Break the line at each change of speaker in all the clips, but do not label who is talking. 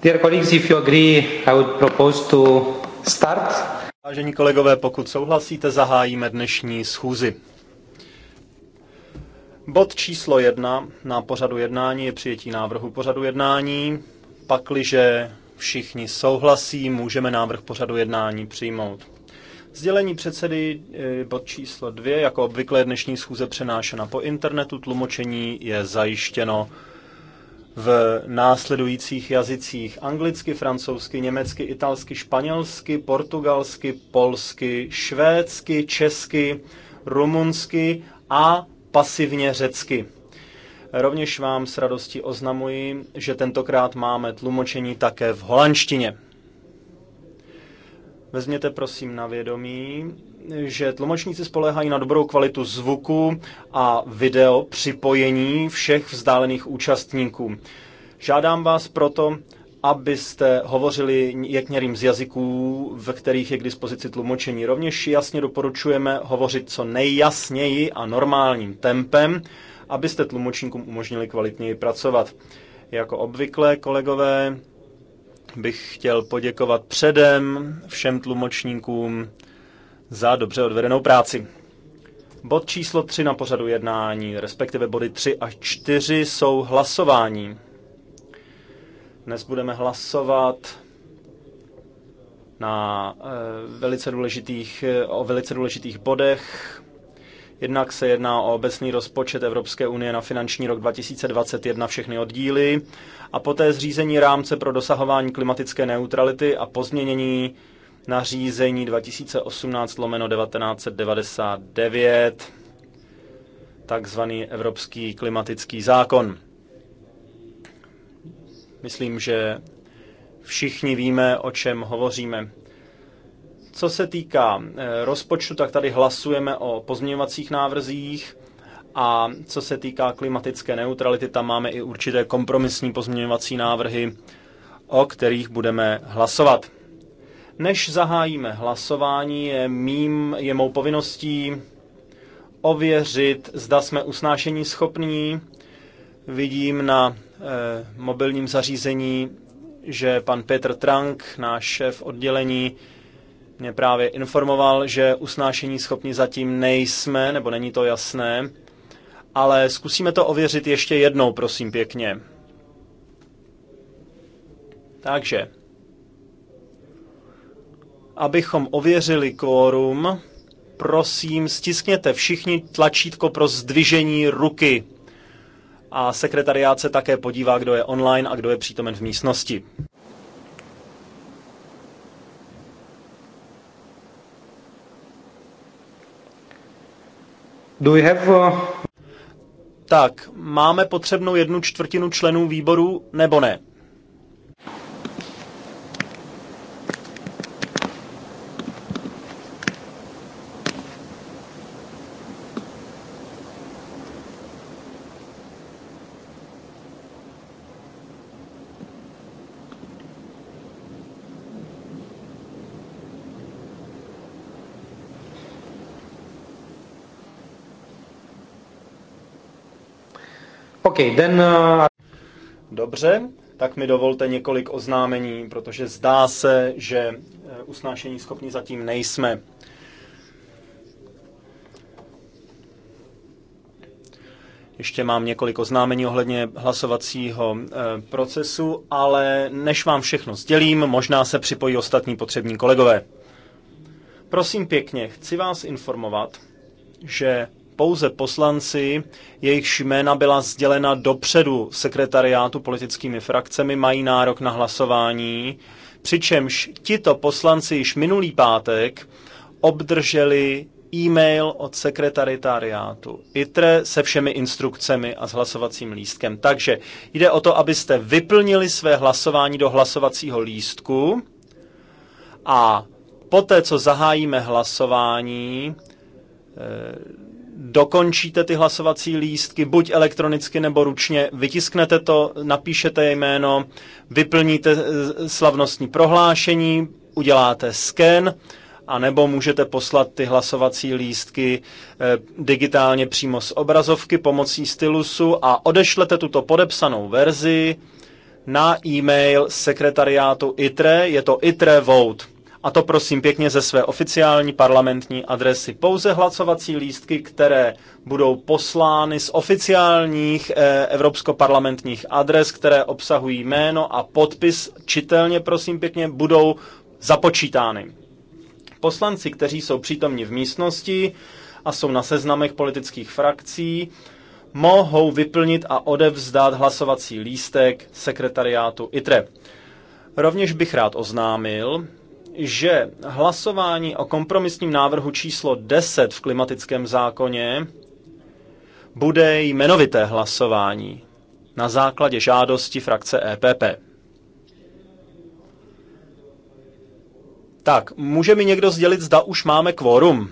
Dear colleagues, if you agree, I would propose to
start. Vážení kolegové, pokud souhlasíte, zahájíme dnešní schůzi. Bod číslo jedna na pořadu jednání je přijetí návrhu pořadu jednání. Pakliže všichni souhlasí, můžeme návrh pořadu jednání přijmout. Sdělení předsedy eh, bod číslo dvě, jako obvykle dnešní schůze přenášena po internetu, tlumočení je zajištěno v následujících jazycích. Anglicky, francouzsky, německy, italsky, španělsky, portugalsky, polsky, švédsky, česky, rumunsky a pasivně řecky. Rovněž vám s radostí oznamuji, že tentokrát máme tlumočení také v holandštině. Vezměte prosím na vědomí, že tlumočníci spolehají na dobrou kvalitu zvuku a video připojení všech vzdálených účastníků. Žádám vás proto, abyste hovořili některým z jazyků, ve kterých je k dispozici tlumočení. Rovněž jasně doporučujeme hovořit co nejjasněji a normálním tempem, abyste tlumočníkům umožnili kvalitněji pracovat. Jako obvykle, kolegové, bych chtěl poděkovat předem všem tlumočníkům za dobře odvedenou práci. Bod číslo 3 na pořadu jednání, respektive body 3 a 4 jsou hlasování. Dnes budeme hlasovat na e, velice důležitých, eh, o velice důležitých bodech Jednak se jedná o obecný rozpočet Evropské unie na finanční rok 2021 všechny oddíly a poté zřízení rámce pro dosahování klimatické neutrality a pozměnění nařízení 2018 lomeno 1999, takzvaný Evropský klimatický zákon. Myslím, že všichni víme, o čem hovoříme. Co se týká eh, rozpočtu, tak tady hlasujeme o pozměňovacích návrzích a co se týká klimatické neutrality, tam máme i určité kompromisní pozměňovací návrhy, o kterých budeme hlasovat. Než zahájíme hlasování, je, mým, je mou povinností ověřit, zda jsme usnášení schopní. Vidím na eh, mobilním zařízení, že pan Petr Trank, náš šéf oddělení, mě právě informoval, že usnášení schopni zatím nejsme, nebo není to jasné, ale zkusíme to ověřit ještě jednou, prosím pěkně. Takže, abychom ověřili kvórum, prosím, stiskněte všichni tlačítko pro zdvižení ruky. A sekretariát se také podívá, kdo je online a kdo je přítomen v místnosti. Do we have... Uh... Tak, máme potřebnou jednu čtvrtinu členů výboru, nebo ne? den. Uh, Dobře, tak mi dovolte několik oznámení, protože zdá se, že eh, usnášení schopni zatím nejsme. Ještě mám několik oznámení ohledně hlasovacího eh, procesu, ale než vám všechno sdělím, možná se připojí ostatní potřební kolegové. Prosím pěkně, chci vás informovat, že pouze poslanci, jejichž jména byla sdělena dopředu sekretariátu politickými frakcemi, mají nárok na hlasování, přičemž tito poslanci již minulý pátek obdrželi e-mail od sekretariátu ITRE se všemi instrukcemi a s hlasovacím lístkem. Takže jde o to, abyste vyplnili své hlasování do hlasovacího lístku a poté, co zahájíme hlasování, eh, dokončíte ty hlasovací lístky, buď elektronicky nebo ručně, vytisknete to, napíšete jméno, vyplníte eh, slavnostní prohlášení, uděláte sken, a nebo můžete poslat ty hlasovací lístky eh, digitálně přímo z obrazovky pomocí stylusu a odešlete tuto podepsanou verzi na e-mail sekretariátu ITRE, je to ITRE Vote a to prosím pěkně ze své oficiální parlamentní adresy. Pouze hlasovací lístky, které budou poslány z oficiálních eh, evropskoparlamentních adres, které obsahují jméno a podpis, čitelně prosím pěkně, budou započítány. Poslanci, kteří jsou přítomni v místnosti a jsou na seznamech politických frakcí, mohou vyplnit a odevzdat hlasovací lístek sekretariátu ITRE. Rovněž bych rád oznámil, že hlasování o kompromisním návrhu číslo 10 v klimatickém zákoně bude jmenovité hlasování na základě žádosti frakce EPP. Tak, může mi někdo sdělit, zda už máme kvorum?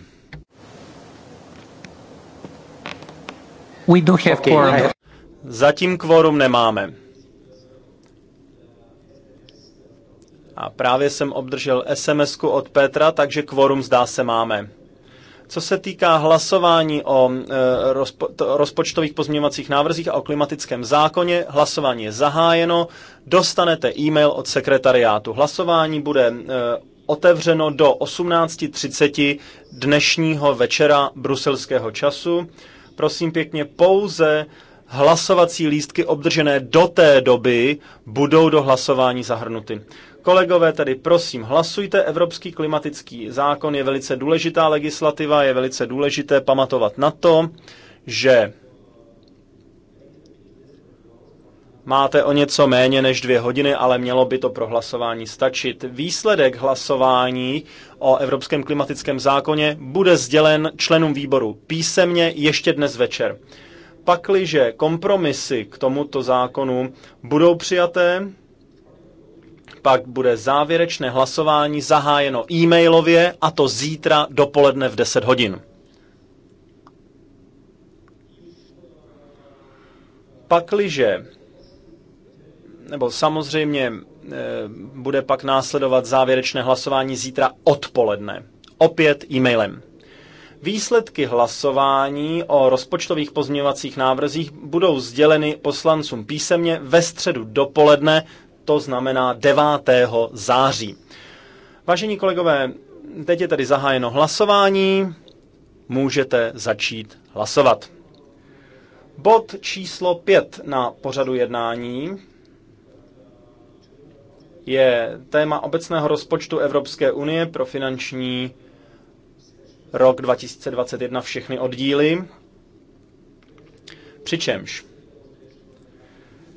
We do have okay, quorum.
Zatím kvorum nemáme. A právě jsem obdržel sms od Petra, takže kvorum zdá se máme. Co se týká hlasování o e, rozpočtových pozměňovacích návrzích a o klimatickém zákoně, hlasování je zahájeno. Dostanete e-mail od sekretariátu. Hlasování bude e, otevřeno do 18.30 dnešního večera bruselského času. Prosím pěkně, pouze hlasovací lístky obdržené do té doby budou do hlasování zahrnuty. Kolegové, tedy prosím, hlasujte. Evropský klimatický zákon je velice důležitá legislativa, je velice důležité pamatovat na to, že máte o něco méně než dvě hodiny, ale mělo by to pro hlasování stačit. Výsledek hlasování o Evropském klimatickém zákoně bude sdělen členům výboru písemně ještě dnes večer. Pakliže kompromisy k tomuto zákonu budou přijaté, pak bude závěrečné hlasování zahájeno e-mailově a to zítra dopoledne v 10 hodin. Pakliže, nebo samozřejmě eh, bude pak následovat závěrečné hlasování zítra odpoledne, opět e-mailem. Výsledky hlasování o rozpočtových pozměňovacích návrzích budou sděleny poslancům písemně ve středu dopoledne to znamená 9. září. Vážení kolegové, teď je tady zahájeno hlasování, můžete začít hlasovat. Bod číslo 5 na pořadu jednání je téma obecného rozpočtu Evropské unie pro finanční rok 2021 všechny oddíly. Přičemž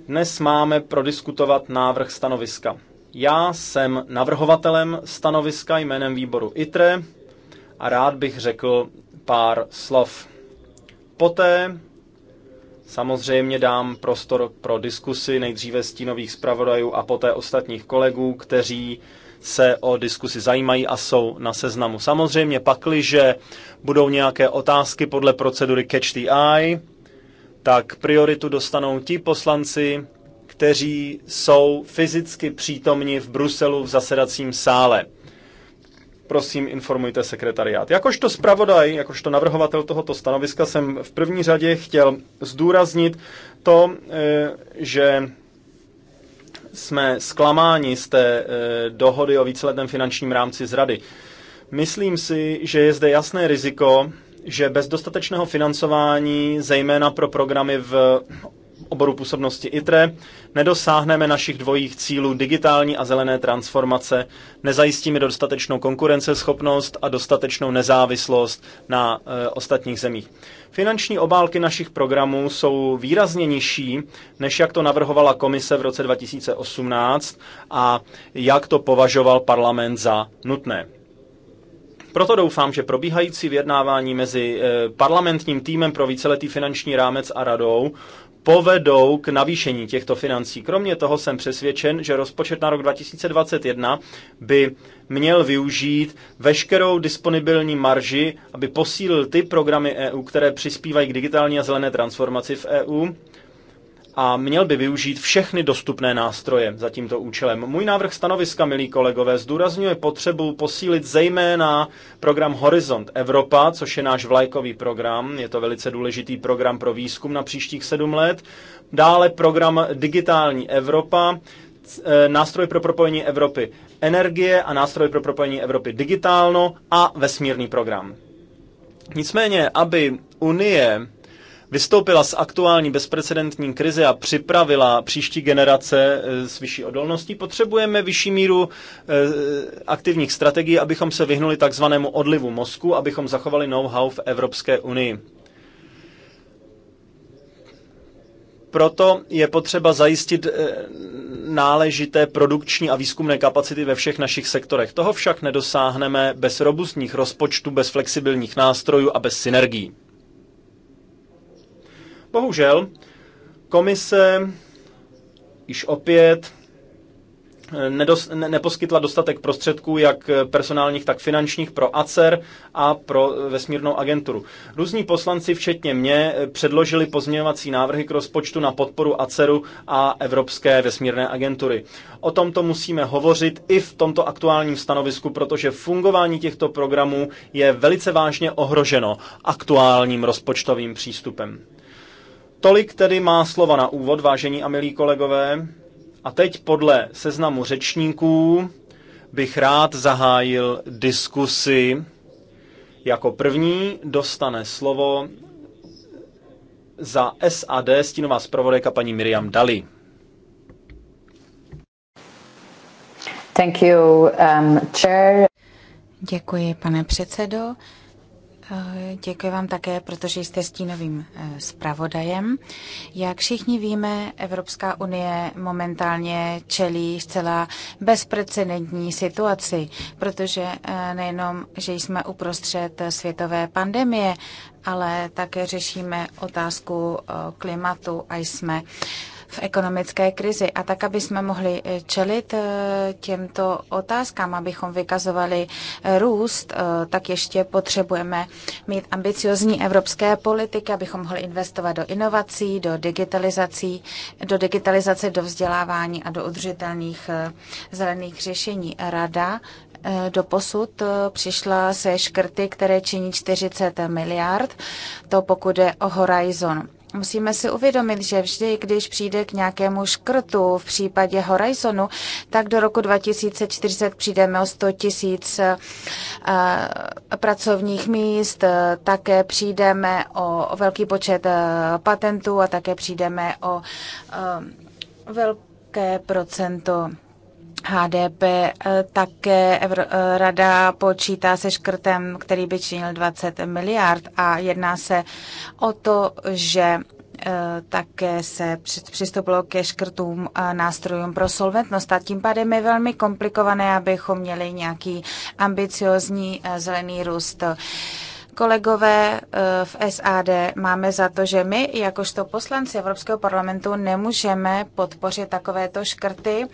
dnes máme prodiskutovat návrh stanoviska. Já jsem navrhovatelem stanoviska jménem výboru ITRE a rád bych řekl pár slov. Poté samozřejmě dám prostor pro diskusy nejdříve stínových zpravodajů a poté ostatních kolegů, kteří se o diskusi zajímají a jsou na seznamu. Samozřejmě pakli, že budou nějaké otázky podle procedury Catch the Eye, tak prioritu dostanou ti poslanci, kteří jsou fyzicky přítomni v Bruselu v zasedacím sále. Prosím, informujte sekretariát. Jakožto zpravodaj, jakožto navrhovatel tohoto stanoviska jsem v první řadě chtěl zdůraznit to, eh, že jsme zklamáni z té eh, dohody o víceletém finančním rámci z Rady. Myslím si, že je zde jasné riziko, že bez dostatečného financování, zejména pro programy v oboru působnosti ITRE, nedosáhneme našich dvojích cílů digitální a zelené transformace, nezajistíme dostatečnou konkurenceschopnost a dostatečnou nezávislost na e, ostatních zemích. Finanční obálky našich programů jsou výrazně nižší, než jak to navrhovala komise v roce 2018 a jak to považoval parlament za nutné. Proto doufám, že probíhající vyjednávání mezi eh, parlamentním týmem pro víceletý finanční rámec a radou povedou k navýšení těchto financí. Kromě toho jsem přesvědčen, že rozpočet na rok 2021 by měl využít veškerou disponibilní marži, aby posílil ty programy EU, které přispívají k digitální a zelené transformaci v EU a měl by využít všechny dostupné nástroje za tímto účelem. Můj návrh stanoviska, milí kolegové, zdůrazňuje potřebu posílit zejména program Horizont Evropa, což je náš vlajkový program. Je to velice důležitý program pro výzkum na příštích sedm let. Dále program Digitální Evropa, e, nástroj pro propojení Evropy energie a nástroj pro propojení Evropy digitálno a vesmírný program. Nicméně, aby Unie vystoupila z aktuální bezprecedentní krize a připravila příští generace eh, s vyšší odolností, potřebujeme vyšší míru eh, aktivních strategií, abychom se vyhnuli takzvanému odlivu mozku, abychom zachovali know-how v Evropské unii. Proto je potřeba zajistit eh, náležité produkční a výzkumné kapacity ve všech našich sektorech. Toho však nedosáhneme bez robustních rozpočtů, bez flexibilních nástrojů a bez synergií. Bohužel, komise již opět eh, nedos, ne, neposkytla dostatek prostředků, jak personálních, tak finančních, pro ACER a pro eh, vesmírnou agenturu. Různí poslanci, včetně mě, eh, předložili pozměňovací návrhy k rozpočtu na podporu ACERu a Evropské vesmírné agentury. O tomto musíme hovořit i v tomto aktuálním stanovisku, protože fungování těchto programů je velice vážně ohroženo aktuálním rozpočtovým přístupem. Tolik tedy má slova na úvod, vážení a milí kolegové. A teď podle seznamu řečníků bych rád zahájil diskusi. Jako první dostane slovo za SAD stínová zpravodajka paní Miriam Dali.
Thank you, um, chair.
Děkuji, pane předsedo. Eh, děkuji vám také, protože jste stínovým eh, zpravodajem. Jak všichni víme, Evropská unie momentálně čelí zcela bezprecedentní situaci, protože eh, nejenom, že jsme uprostřed světové pandemie, ale také řešíme otázku klimatu a jsme v ekonomické krizi. A tak, aby jsme mohli eh, čelit eh, těmto otázkám, abychom vykazovali eh, růst, tak ještě potřebujeme mít ambiciozní evropské politiky, abychom mohli investovat do inovací, do digitalizací, do digitalizace, do vzdělávání a do udržitelných zelených řešení. Rada do posud přišla se škrty, které činí 40 miliard, to pokud je o Horizon Musíme si uvědomit, že vždy, když přijde k nějakému škrtu v případě Horizonu, tak do roku 2040 přijdeme o 100 tisíc eh, pracovních míst, také přijdeme o velký počet eh, patentů a také přijdeme o eh, velké procento HDP, eh, také eh, Rada počítá se škrtem, který by činil 20 miliard a jedná se o to, že eh, také se přistoupilo ke škrtům nástrojům pro solventnost a tím pádem je velmi komplikované, abychom měli nějaký ambiciozní zelený růst kolegové eh, v SAD máme za to, že my, jakožto poslanci Evropského parlamentu, nemůžeme podpořit takovéto škrty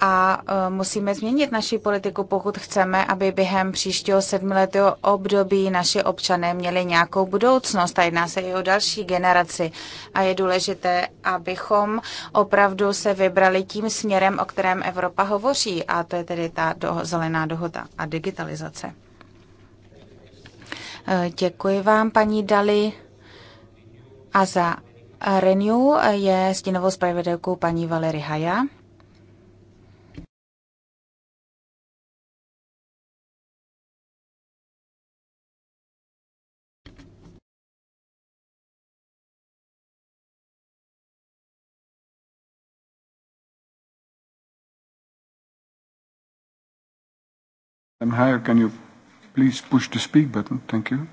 a eh, musíme změnit naši politiku, pokud chceme, aby během příštího sedmiletého období naši občané měli nějakou budoucnost. A jedná se i o další generaci. A je důležité, abychom opravdu se vybrali tím směrem, o kterém Evropa hovoří. A to je tedy ta do- zelená dohoda a digitalizace. Děkuji vám, paní Dali. A za Renew je stínovou zpravodajkou paní Valery
Haja. Haja, can you Please push the speak button. Thank you.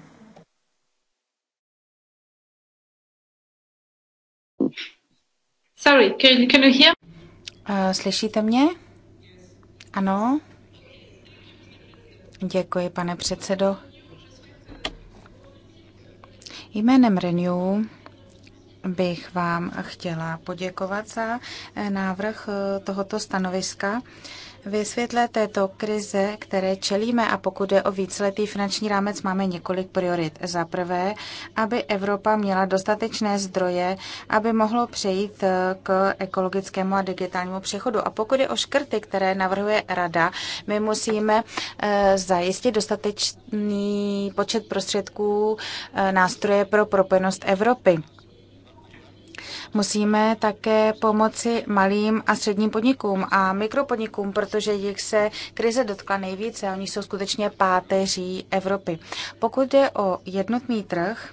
Sorry, can, can you hear?
Uh, slyšíte mě? Ano. Děkuji, pane předsedo. Jménem Renew bych vám chtěla poděkovat za eh, návrh eh, tohoto stanoviska. Uh, ve světle této krize, které čelíme a pokud je o víceletý finanční rámec, máme několik priorit. Za prvé, aby Evropa měla dostatečné zdroje, aby mohlo přejít eh, k ekologickému a digitálnímu přechodu. A pokud je o škrty, které navrhuje Rada, my musíme eh, zajistit dostatečný počet prostředků eh, nástroje pro propojenost Evropy. Musíme také pomoci malým a středním podnikům a mikropodnikům, protože jich se krize dotkla nejvíce a oni jsou skutečně páteří Evropy. Pokud jde o jednotný trh,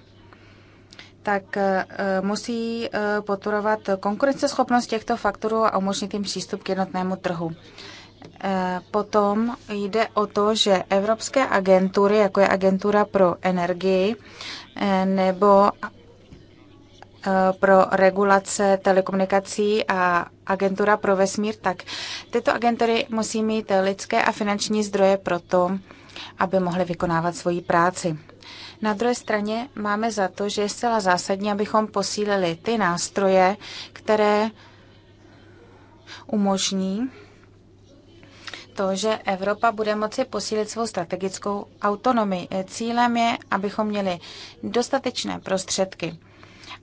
tak e, musí e, podporovat konkurenceschopnost těchto faktorů a umožnit jim přístup k jednotnému trhu. E, potom jde o to, že evropské agentury, jako je agentura pro energii nebo Eh, pro regulace telekomunikací a agentura pro vesmír, tak tyto agentury musí mít lidské a finanční zdroje pro to, aby mohly vykonávat svoji práci. Na druhé straně máme za to, že je zcela zásadní, abychom posílili ty nástroje, které umožní to, že Evropa bude moci posílit svou strategickou autonomii. Cílem je, abychom měli dostatečné prostředky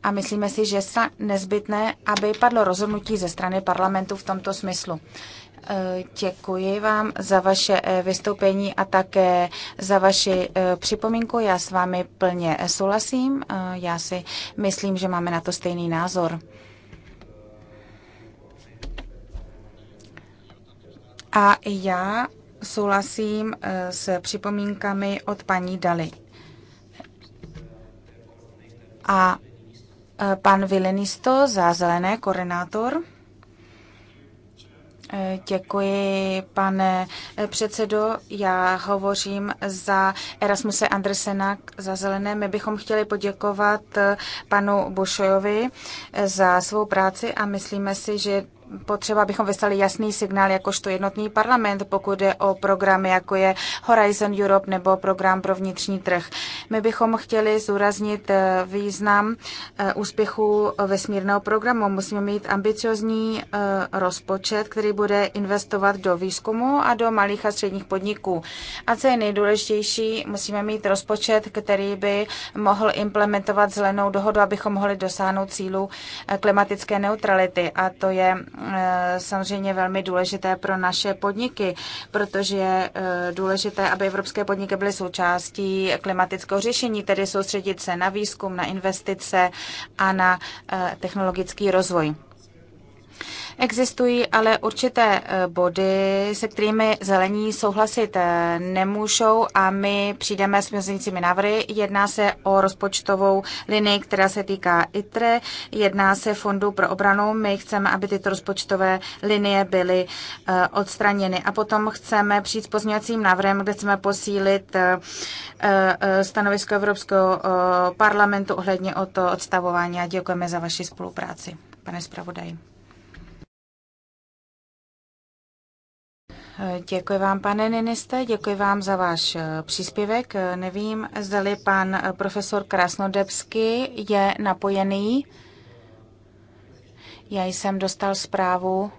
a myslíme si, že je nezbytné, aby padlo rozhodnutí ze strany parlamentu v tomto smyslu. E, děkuji vám za vaše e, vystoupení a také za vaši e, připomínku. Já s vámi plně souhlasím. Já si myslím, že máme na to stejný názor. A já souhlasím s připomínkami od paní Dali. A Eh, pan Vilenisto za zelené koordinátor. Eh, děkuji, pane eh, předsedo. Já hovořím za Erasmuse Andersena za Zelené. My bychom chtěli poděkovat panu Bušojovi za svou práci a myslíme si, že potřeba, abychom vyslali jasný signál jakožto jednotný parlament, pokud jde o programy, jako je Horizon Europe nebo program pro vnitřní trh. My bychom chtěli zúraznit eh, význam eh, úspěchu vesmírného programu. Musíme mít ambiciozní eh, rozpočet, který bude investovat do výzkumu a do malých a středních podniků. A co je nejdůležitější, musíme mít rozpočet, který by mohl implementovat zelenou dohodu, abychom mohli dosáhnout cílu klimatické neutrality. A to je Eh, samozřejmě velmi důležité pro naše podniky, protože je eh, důležité, aby evropské podniky byly součástí klimatického řešení, tedy soustředit se na výzkum, na investice a na eh, technologický rozvoj. Existují ale určité eh, body, se kterými zelení souhlasit eh, nemůžou a my přijdeme s měznicími návrhy. Jedná se o rozpočtovou linii, která se týká ITRE, jedná se Fondu pro obranu. My chceme, aby tyto rozpočtové linie byly eh, odstraněny. A potom chceme přijít s pozměňovacím návrhem, kde chceme posílit stanovisko Evropského parlamentu ohledně o to odstavování a děkujeme za vaši spolupráci, pane zpravodaji. Děkuji vám, pane ministře, děkuji vám za váš eh, příspěvek. Nevím, zda je pan eh, profesor Krasnodebsky je napojený. Já jsem dostal zprávu,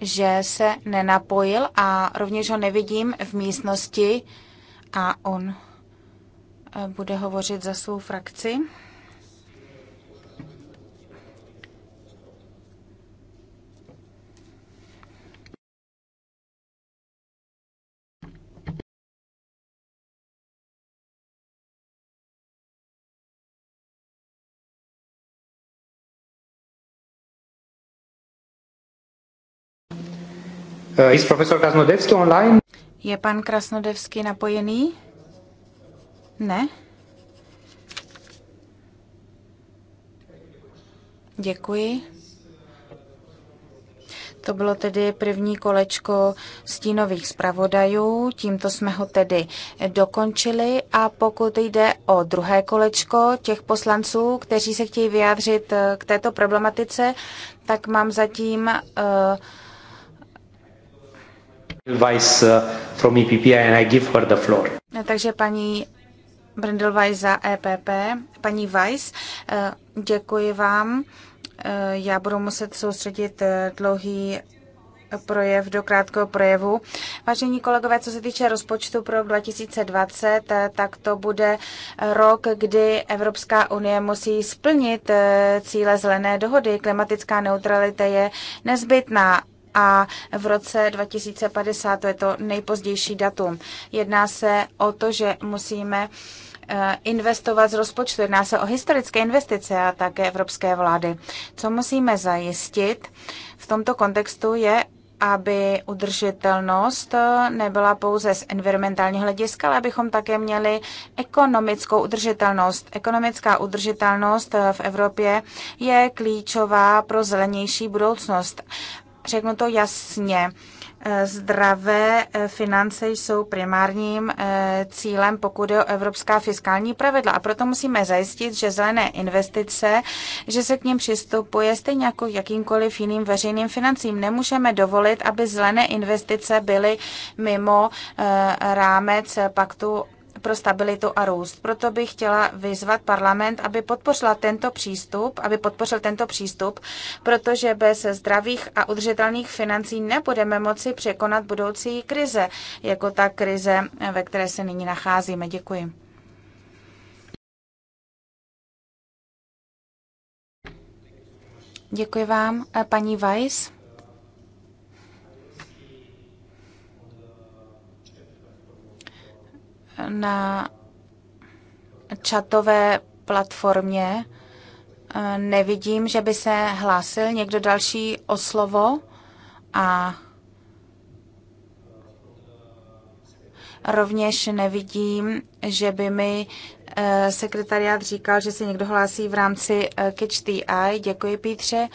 že se nenapojil a rovněž ho nevidím v místnosti a on eh, bude hovořit za svou frakci.
Eh, is profesor Krasnodevský online? Je pan Krasnodevský
napojený? Ne? Děkuji. To bylo tedy první kolečko stínových zpravodajů, tímto jsme ho tedy dokončili a pokud jde o druhé kolečko těch poslanců, kteří se chtějí vyjádřit eh, k této problematice, tak mám zatím uh,
Weiss eh, from EPP and I give her the
floor.
Takže paní Brindelweiss za EPP. Paní Weiss, eh, děkuji vám. Eh, já budu muset soustředit dlouhý projev do krátkého projevu. Vážení kolegové, co se týče rozpočtu pro rok 2020, tak to bude rok, kdy Evropská unie musí splnit cíle zelené dohody. Klimatická neutralita je nezbytná a v roce 2050, to je to nejpozdější datum. Jedná se o to, že musíme eh, investovat z rozpočtu. Jedná se o historické investice a také evropské vlády. Co musíme zajistit v tomto kontextu je aby udržitelnost eh, nebyla pouze z environmentálního hlediska, ale abychom také měli ekonomickou udržitelnost. Ekonomická udržitelnost eh, v Evropě je klíčová pro zelenější budoucnost Řeknu to jasně. Eh, zdravé eh, finance jsou primárním eh, cílem, pokud je o evropská fiskální pravidla. A proto musíme zajistit, že zelené investice, že se k ním přistupuje stejně jako jakýmkoliv jiným veřejným financím. Nemůžeme dovolit, aby zelené investice byly mimo rámec paktu pro stabilitu a růst. Proto bych chtěla vyzvat parlament, aby podpořila tento přístup, aby podpořil tento přístup, protože bez zdravých a udržitelných financí nebudeme moci překonat budoucí krize, jako ta krize, ve které se nyní nacházíme. Děkuji. Děkuji vám, paní Weiss. na čatové platformě. Eh, nevidím, že by se hlásil někdo další o slovo a rovněž nevidím, že by mi eh, sekretariát říkal, že se někdo hlásí v rámci eh, Catch the Eye. Děkuji, Pítře.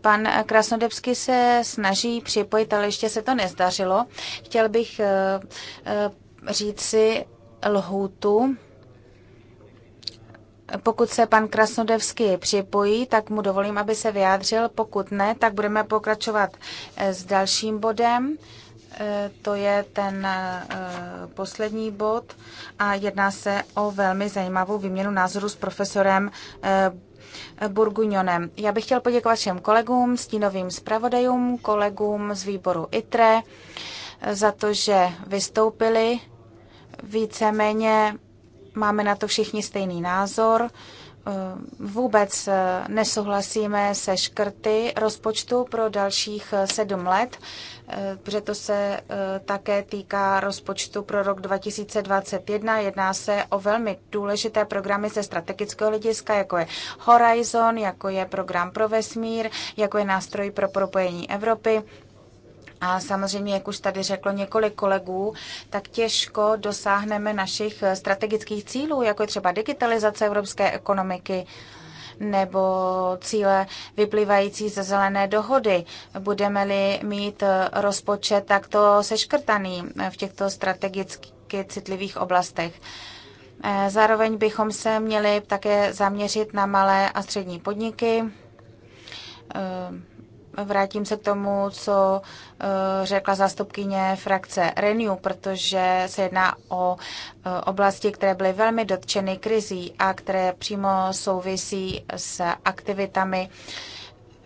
Pan Krasnodebsky se snaží připojit, ale ještě se to nezdařilo. Chtěl bych říci, lhůtu. Pokud se pan Krasnodevský připojí, tak mu dovolím, aby se vyjádřil. Pokud ne, tak budeme pokračovat eh, s dalším bodem. Eh, to je ten eh, poslední bod a jedná se o velmi zajímavou výměnu názoru s profesorem Burguňonem. Já bych chtěl poděkovat všem kolegům, stínovým zpravodajům, kolegům z výboru ITRE za to, že vystoupili víceméně máme na to všichni stejný názor. Eh, vůbec eh, nesouhlasíme se škrty rozpočtu pro dalších eh, sedm let, protože to se také týká rozpočtu pro rok 2021. Jedná se o velmi důležité programy ze strategického hlediska, jako je Horizon, jako je program pro vesmír, jako je nástroj pro propojení Evropy a samozřejmě, jak už tady řeklo několik kolegů, tak těžko dosáhneme našich eh, strategických cílů, jako je třeba digitalizace evropské ekonomiky nebo cíle vyplývající ze zelené dohody. Budeme-li mít eh, rozpočet takto seškrtaný eh, v těchto strategicky citlivých oblastech. Zároveň bychom se měli také zaměřit na malé a střední podniky vrátím se k tomu, co eh, řekla zástupkyně frakce Renew, protože se jedná o eh, oblasti, které byly velmi dotčeny krizí a které přímo souvisí s aktivitami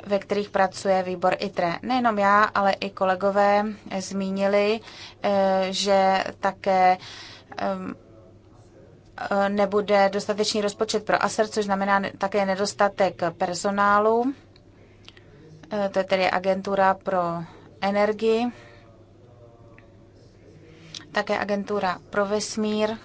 ve kterých pracuje výbor ITRE. Nejenom já, ale i kolegové zmínili, eh, že také ehm, nebude dostatečný rozpočet pro ASER, což znamená také nedostatek personálu Eh, to je tedy agentura pro energii, také agentura pro vesmír.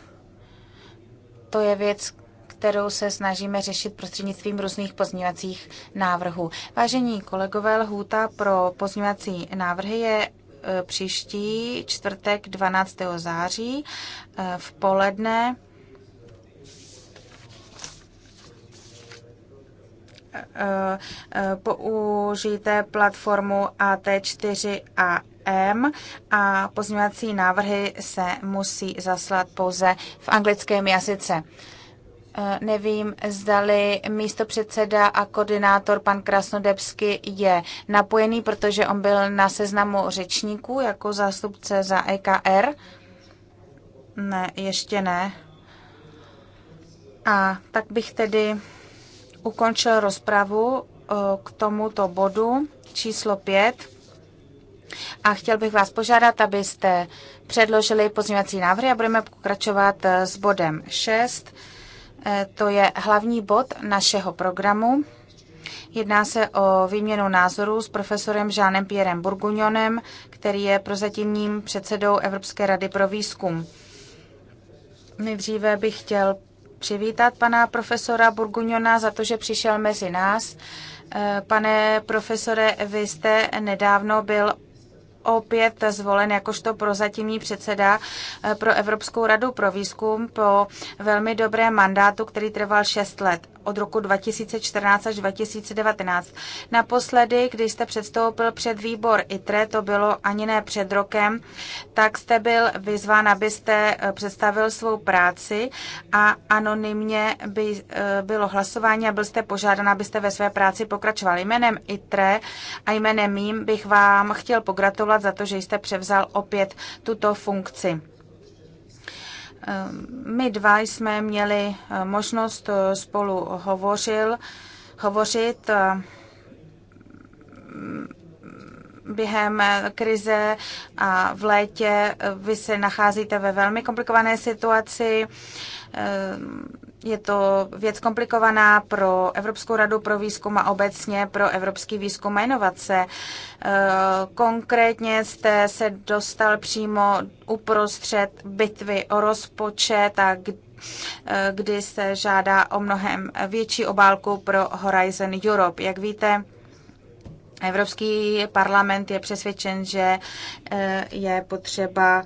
To je věc, kterou se snažíme řešit prostřednictvím různých pozměňovacích návrhů. Vážení kolegové, lhůta pro pozměňovací návrhy je eh, příští čtvrtek 12. září eh, v poledne Eh, použijte platformu AT4AM a pozměňovací návrhy se musí zaslat pouze v anglickém jazyce. Eh, nevím, zdali místo předseda a koordinátor pan Krasnodebsky je napojený, protože on byl na seznamu řečníků jako zástupce za EKR. Ne, ještě ne. A tak bych tedy ukončil rozpravu eh, k tomuto bodu číslo 5 a chtěl bych vás požádat, abyste předložili pozměňovací návrhy a budeme pokračovat eh, s bodem 6. Eh, to je hlavní bod našeho programu. Jedná se o výměnu názorů s profesorem Žánem Pierrem Burguňonem, který je prozatímním předsedou Evropské rady pro výzkum. Nejdříve bych chtěl přivítat pana profesora Burguňona za to, že přišel mezi nás. Eh, pane profesore, vy jste nedávno byl opět zvolen jakožto prozatímní předseda eh, pro Evropskou radu pro výzkum po velmi dobrém mandátu, který trval 6 let od roku 2014 až 2019. Naposledy, když jste předstoupil před výbor ITRE, to bylo ani ne před rokem, tak jste byl vyzván, abyste eh, představil svou práci a anonymně by eh, bylo hlasování a byl jste požádán, abyste ve své práci pokračoval. Jménem ITRE a jménem mým bych vám chtěl pogratulovat poděkovat za to, že jste převzal opět tuto funkci. Ehm, my dva jsme měli eh, možnost eh, spolu hovořil, hovořit eh, během krize a v létě. Vy se nacházíte ve velmi komplikované situaci ehm, je to věc komplikovaná pro Evropskou radu pro výzkum a obecně pro Evropský výzkum a inovace. E, konkrétně jste se dostal přímo uprostřed bitvy o rozpočet a e, kdy se žádá o mnohem větší obálku pro Horizon Europe. Jak víte, Evropský parlament je přesvědčen, že e, je potřeba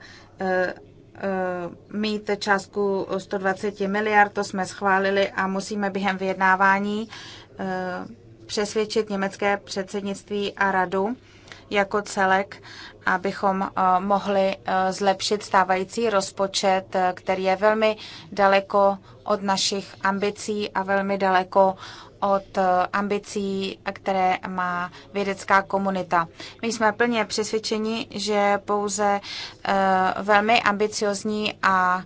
Eh, mít částku 120 miliard, to jsme schválili a musíme během vyjednávání eh, přesvědčit německé předsednictví a radu jako celek, abychom eh, mohli zlepšit stávající rozpočet, který je velmi daleko od našich ambicí a velmi daleko od eh, ambicí, které má vědecká komunita. My jsme plně přesvědčeni, že pouze eh, velmi ambiciozní a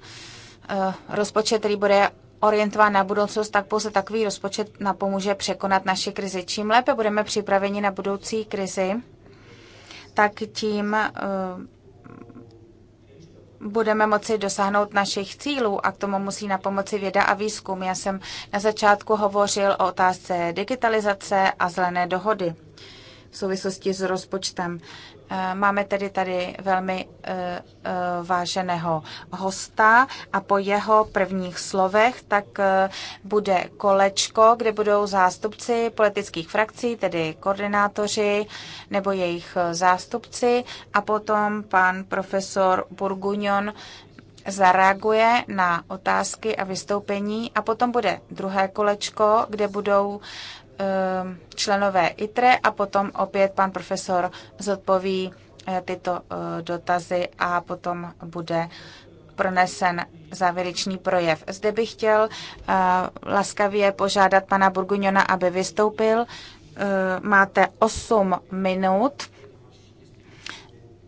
eh, rozpočet, který bude orientován na budoucnost, tak pouze takový rozpočet napomůže překonat naše krizi. Čím lépe budeme připraveni na budoucí krizi, tak tím budeme moci dosáhnout našich cílů a k tomu musí na pomoci věda a výzkum. Já jsem na začátku hovořil o otázce digitalizace a zelené dohody v souvislosti s rozpočtem. Eh, máme tedy tady velmi eh, eh, váženého hosta a po jeho prvních slovech tak bude kolečko, kde budou zástupci politických frakcí, tedy koordinátoři nebo jejich zástupci a potom pan profesor Burguňon zareaguje na otázky a vystoupení a potom bude druhé kolečko, kde budou Ehm, členové ITRE a potom opět pan profesor zodpoví eh, tyto eh, dotazy a potom bude pronesen závěrečný projev. Zde bych chtěl eh, laskavě požádat pana Burguňona, aby vystoupil. Máte 8 minut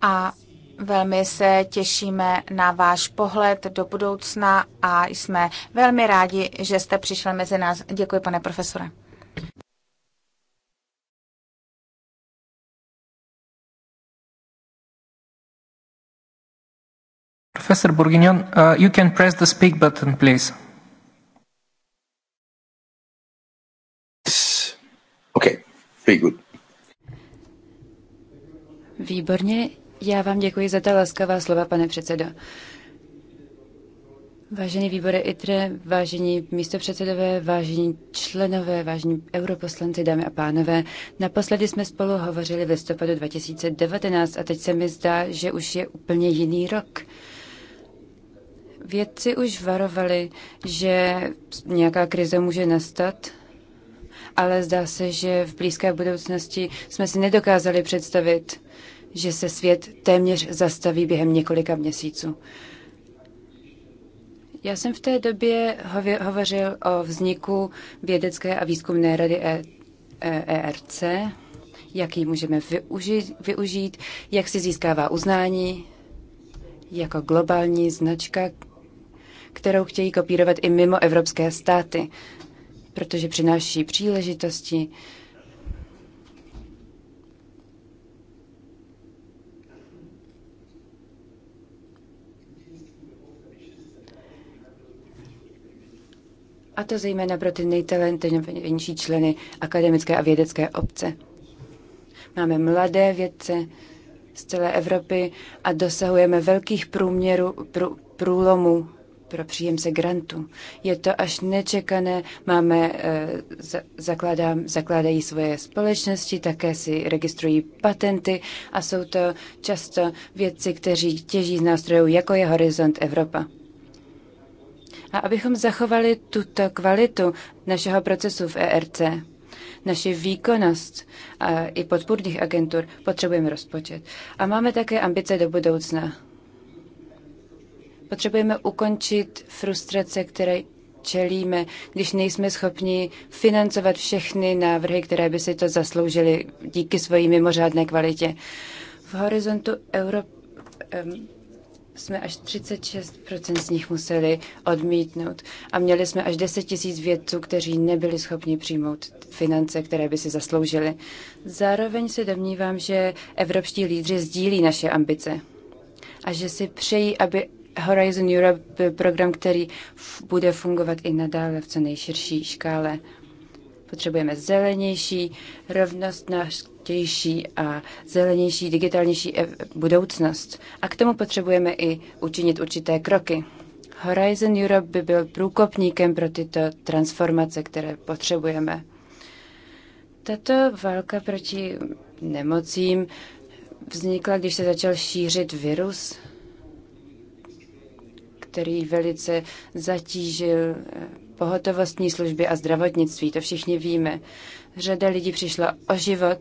a velmi se těšíme na váš pohled do budoucna a jsme velmi rádi, že jste přišel mezi nás. Děkuji, pane profesore.
Professor Bourguignon, uh, you can press the speak button, please. Okay, very good.
Výborně, já vám děkuji za ta laskavá slova, pane předsedo. Vážený výbore ITRE, vážení místopředsedové, vážení členové, vážení europoslanci, dámy a pánové, naposledy jsme spolu hovořili v listopadu 2019 a teď se mi zdá, že už je úplně jiný rok. Vědci už varovali, že nějaká krize může nastat, ale zdá se, že v blízké budoucnosti jsme si nedokázali představit, že se svět téměř zastaví během několika měsíců. Já jsem v té době hovořil o vzniku vědecké a výzkumné rady ERC, e, e jak ji můžeme využít, využít, jak si získává uznání jako globální značka, kterou chtějí kopírovat i mimo evropské státy, protože přináší příležitosti, a to zejména pro ty nejtalentovanější členy akademické a vědecké obce. Máme mladé vědce z celé Evropy a dosahujeme velkých průměrů, prů, průlomů pro příjemce grantu. Je to až nečekané, máme, eh, zakládám, zakládají svoje společnosti, také si registrují patenty a jsou to často vědci, kteří těží z nástrojů, jako je Horizont Evropa. A abychom zachovali tuto kvalitu našeho procesu v ERC, naši výkonnost a eh, i podpůrných agentur, potřebujeme rozpočet. A máme také ambice do budoucna Potřebujeme ukončit frustrace, které čelíme, když nejsme schopni financovat všechny návrhy, které by si to zasloužily díky svojí mimořádné kvalitě. V horizontu Evropy um, jsme až 36% z nich museli odmítnout a měli jsme až 10 tisíc vědců, kteří nebyli schopni přijmout finance, které by si zasloužili. Zároveň se domnívám, že evropští lídři sdílí naše ambice a že si přejí, aby Horizon Europe program, který bude fungovat i nadále v co nejširší škále. Potřebujeme zelenější, rovnostnější a zelenější, digitálnější e- budoucnost. A k tomu potřebujeme i učinit určité kroky. Horizon Europe by byl průkopníkem pro tyto transformace, které potřebujeme. Tato válka proti nemocím vznikla, když se začal šířit virus který velice zatížil eh, pohotovostní služby a zdravotnictví. To všichni víme. Řada lidí přišla o život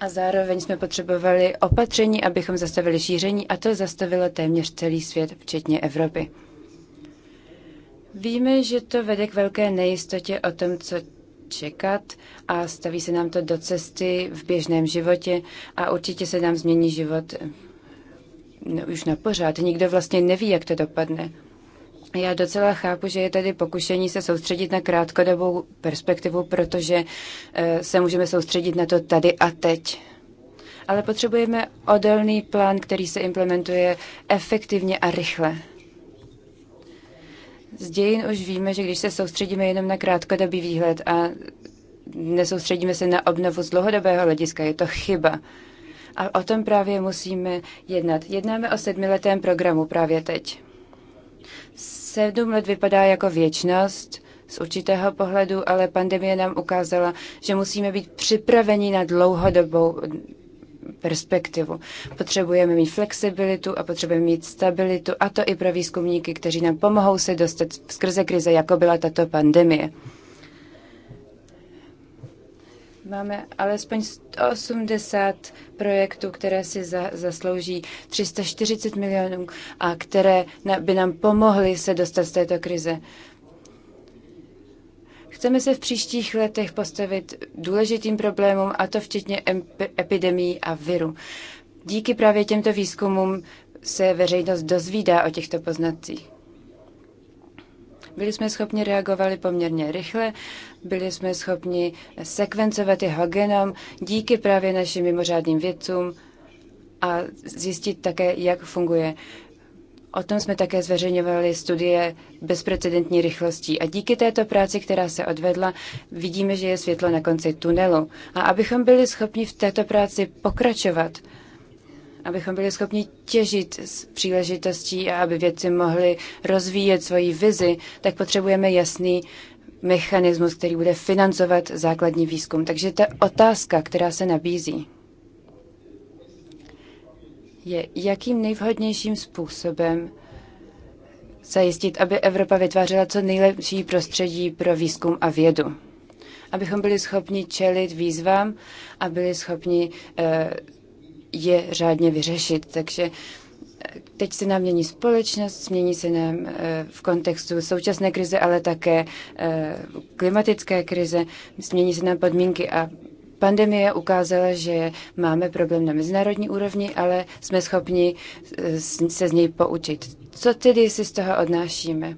a zároveň jsme potřebovali opatření, abychom zastavili šíření a to zastavilo téměř celý svět, včetně Evropy. Víme, že to vede k velké nejistotě o tom, co čekat a staví se nám to do cesty v běžném životě a určitě se nám změní život eh, no, už na pořád. Nikdo vlastně neví, jak to dopadne. Já docela chápu, že je tady pokušení se soustředit na krátkodobou perspektivu, protože eh, se můžeme soustředit na to tady a teď. Ale potřebujeme odolný plán, který se implementuje efektivně a rychle. Z dějin už víme, že když se soustředíme jenom na krátkodobý výhled a nesoustředíme se na obnovu z dlouhodobého hlediska, je to chyba. A o tom právě musíme jednat. Jednáme o sedmiletém programu právě teď. Sedm let vypadá jako věčnost z určitého pohledu, ale pandemie nám ukázala, že musíme být připraveni na dlouhodobou perspektivu. Potřebujeme mít flexibilitu a potřebujeme mít stabilitu, a to i pro výzkumníky, kteří nám pomohou se dostat skrze krize, jako byla tato pandemie. Máme alespoň 180 projektů, které si za, zaslouží 340 milionů a které na, by nám pomohly se dostat z této krize. Chceme se v příštích letech postavit důležitým problémům, a to včetně epidemii a viru. Díky právě těmto výzkumům se veřejnost dozvídá o těchto poznatcích. Byli jsme schopni reagovali poměrně rychle byli jsme schopni sekvencovat jeho genom díky právě našim mimořádným vědcům a zjistit také, jak funguje. O tom jsme také zveřejňovali studie bezprecedentní rychlostí a díky této práci, která se odvedla, vidíme, že je světlo na konci tunelu. A abychom byli schopni v této práci pokračovat, abychom byli schopni těžit z příležitostí a aby věci mohli rozvíjet svoji vizi, tak potřebujeme jasný mechanismus, který bude financovat základní výzkum. Takže ta otázka, která se nabízí, je, jakým nejvhodnějším způsobem zajistit, aby Evropa vytvářela co nejlepší prostředí pro výzkum a vědu. Abychom byli schopni čelit výzvám a byli schopni eh, je řádně vyřešit. Takže teď se nám mění společnost, změní se nám eh, v kontextu současné krize, ale také eh, klimatické krize, změní se nám podmínky a Pandemie ukázala, že máme problém na mezinárodní úrovni, ale jsme schopni eh, se z něj poučit. Co tedy si z toho odnášíme?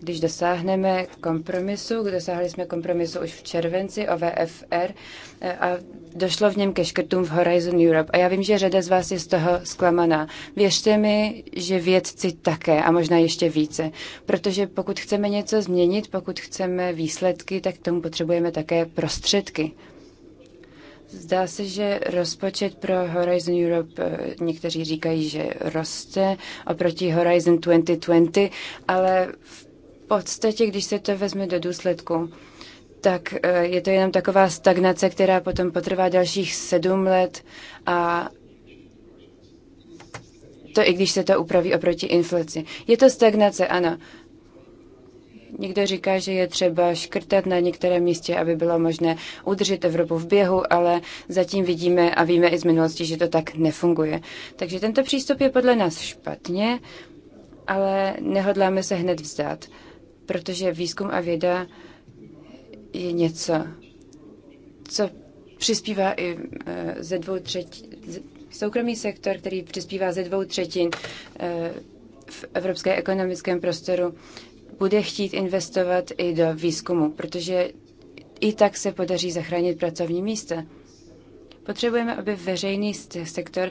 když dosáhneme kompromisu, dosáhli jsme kompromisu už v červenci o VFR eh, a došlo v něm ke škrtům v Horizon Europe. A já vím, že řada z vás je z toho zklamaná. Věřte mi, že vědci také a možná ještě více. Protože pokud chceme něco změnit, pokud chceme výsledky, tak k tomu potřebujeme také prostředky. Zdá se, že rozpočet pro Horizon Europe, eh, někteří říkají, že roste oproti Horizon 2020, ale v podstatě, když se to vezme do důsledku, tak eh, je to jenom taková stagnace, která potom potrvá dalších sedm let a to i když se to upraví oproti inflaci. Je to stagnace, ano. Někdo říká, že je třeba škrtat na některém místě, aby bylo možné udržet Evropu v běhu, ale zatím vidíme a víme i z minulosti, že to tak nefunguje. Takže tento přístup je podle nás špatně, ale nehodláme se hned vzdát protože výzkum a věda je něco, co přispívá i eh, ze dvou třetin, soukromý sektor, který přispívá ze dvou třetin eh, v evropské ekonomickém prostoru, bude chtít investovat i do výzkumu, protože i tak se podaří zachránit pracovní místa. Potřebujeme, aby veřejný sektor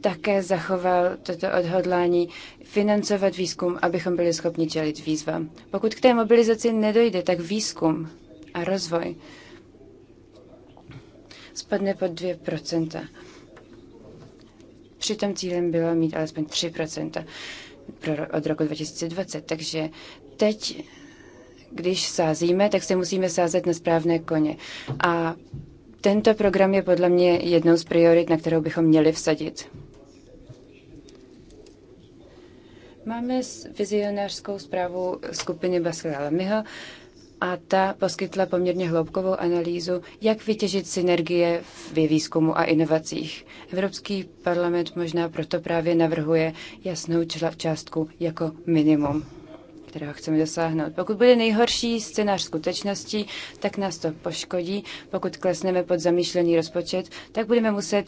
také zachoval toto odhodlání financovat výzkum, abychom byli schopni čelit výzvám. Pokud k té mobilizaci nedojde, tak výzkum a rozvoj spadne pod 2%. Přitom cílem bylo mít alespoň 3% pro, od roku 2020. Takže teď, když sázíme, tak se musíme sázet na správné koně. A tento program je podle mě jednou z priorit, na kterou bychom měli vsadit. Máme vizionářskou zprávu skupiny Baskala Lamyho a ta poskytla poměrně hloubkovou analýzu, jak vytěžit synergie ve výzkumu a inovacích. Evropský parlament možná proto právě navrhuje jasnou částku jako minimum kterého chceme dosáhnout. Pokud bude nejhorší scénář skutečností, tak nás to poškodí. Pokud klesneme pod zamýšlený rozpočet, tak budeme muset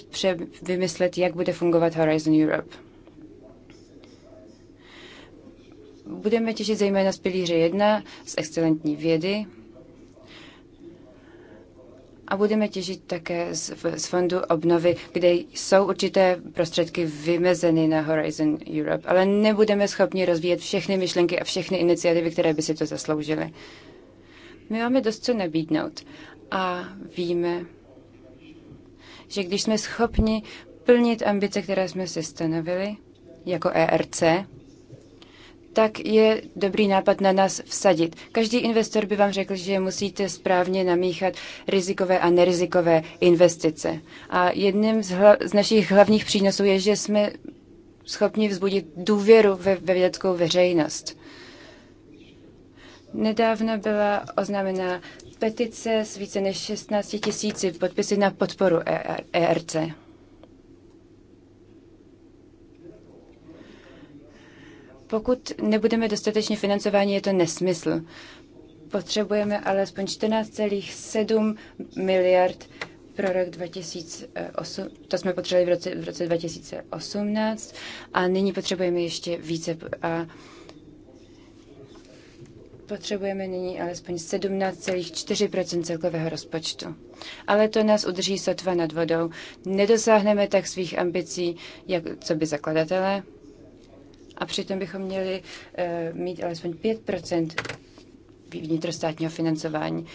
vymyslet, jak bude fungovat Horizon Europe. budeme těžit zejména z pilíře 1, z excelentní vědy, a budeme těžit také z, z fondu obnovy, kde jsou určité prostředky vymezeny na Horizon Europe, ale nebudeme schopni rozvíjet všechny myšlenky a všechny iniciativy, které by si to zasloužily. My máme dost co nabídnout a víme, že když jsme schopni plnit ambice, které jsme si stanovili, jako ERC, tak je dobrý nápad na nás vsadit. Každý investor by vám řekl, že musíte správně namíchat rizikové a nerizikové investice. A jedním z, hla- z našich hlavních přínosů je, že jsme schopni vzbudit důvěru ve, ve vědeckou veřejnost. Nedávno byla oznámena petice s více než 16 tisíci podpisy na podporu ERC. E Pokud nebudeme dostatečně financováni, je to nesmysl. Potřebujeme alespoň 14,7 miliard pro rok 2008, to jsme potřebovali v roce, v roce 2018 a nyní potřebujeme ještě více a potřebujeme nyní alespoň 17,4 celkového rozpočtu. Ale to nás udrží sotva nad vodou. Nedosáhneme tak svých ambicí, jak co by zakladatelé, a přitom bychom měli eh, mít alespoň 5 vnitrostátního financování.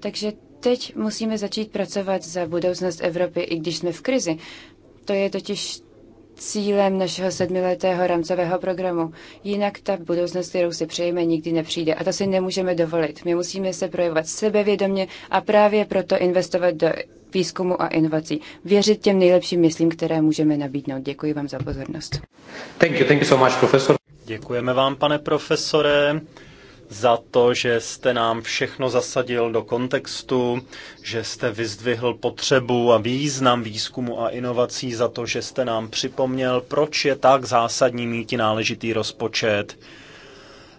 Takže teď musíme začít pracovat za budoucnost Evropy, i když jsme v krizi. To je totiž cílem našeho sedmiletého rámcového programu. Jinak ta budoucnost, kterou si přejeme, nikdy nepřijde. A to si nemůžeme dovolit. My musíme se projevovat sebevědomě a právě proto investovat do výzkumu a inovací. Věřit těm nejlepším myslím, které můžeme nabídnout. Děkuji vám za pozornost. Thank
you, thank you so much, profesor.
Děkujeme vám, pane profesore, za to, že jste nám všechno zasadil do kontextu, že jste vyzdvihl potřebu a význam výzkumu a inovací, za to, že jste nám připomněl, proč je tak zásadní mít náležitý rozpočet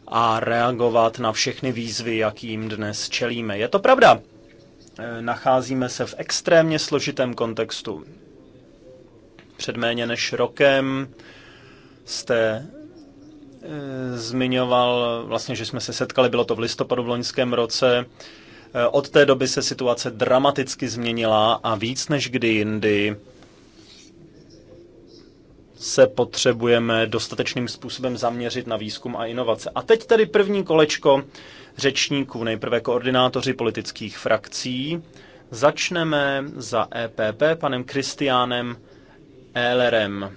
a reagovat na všechny výzvy, jakým dnes čelíme. Je to pravda. Eh, nacházíme se v extrémně složitém kontextu. Před méně než rokem jste eh, zmiňoval, vlastně, že jsme se setkali, bylo to v listopadu v loňském roce. Eh, od té doby se situace dramaticky změnila a víc než kdy jindy se potřebujeme dostatečným způsobem zaměřit na výzkum a inovace. A teď tedy první kolečko řečníků, nejprve koordinátoři politických frakcí. Začneme za EPP panem Kristiánem Ehlerem,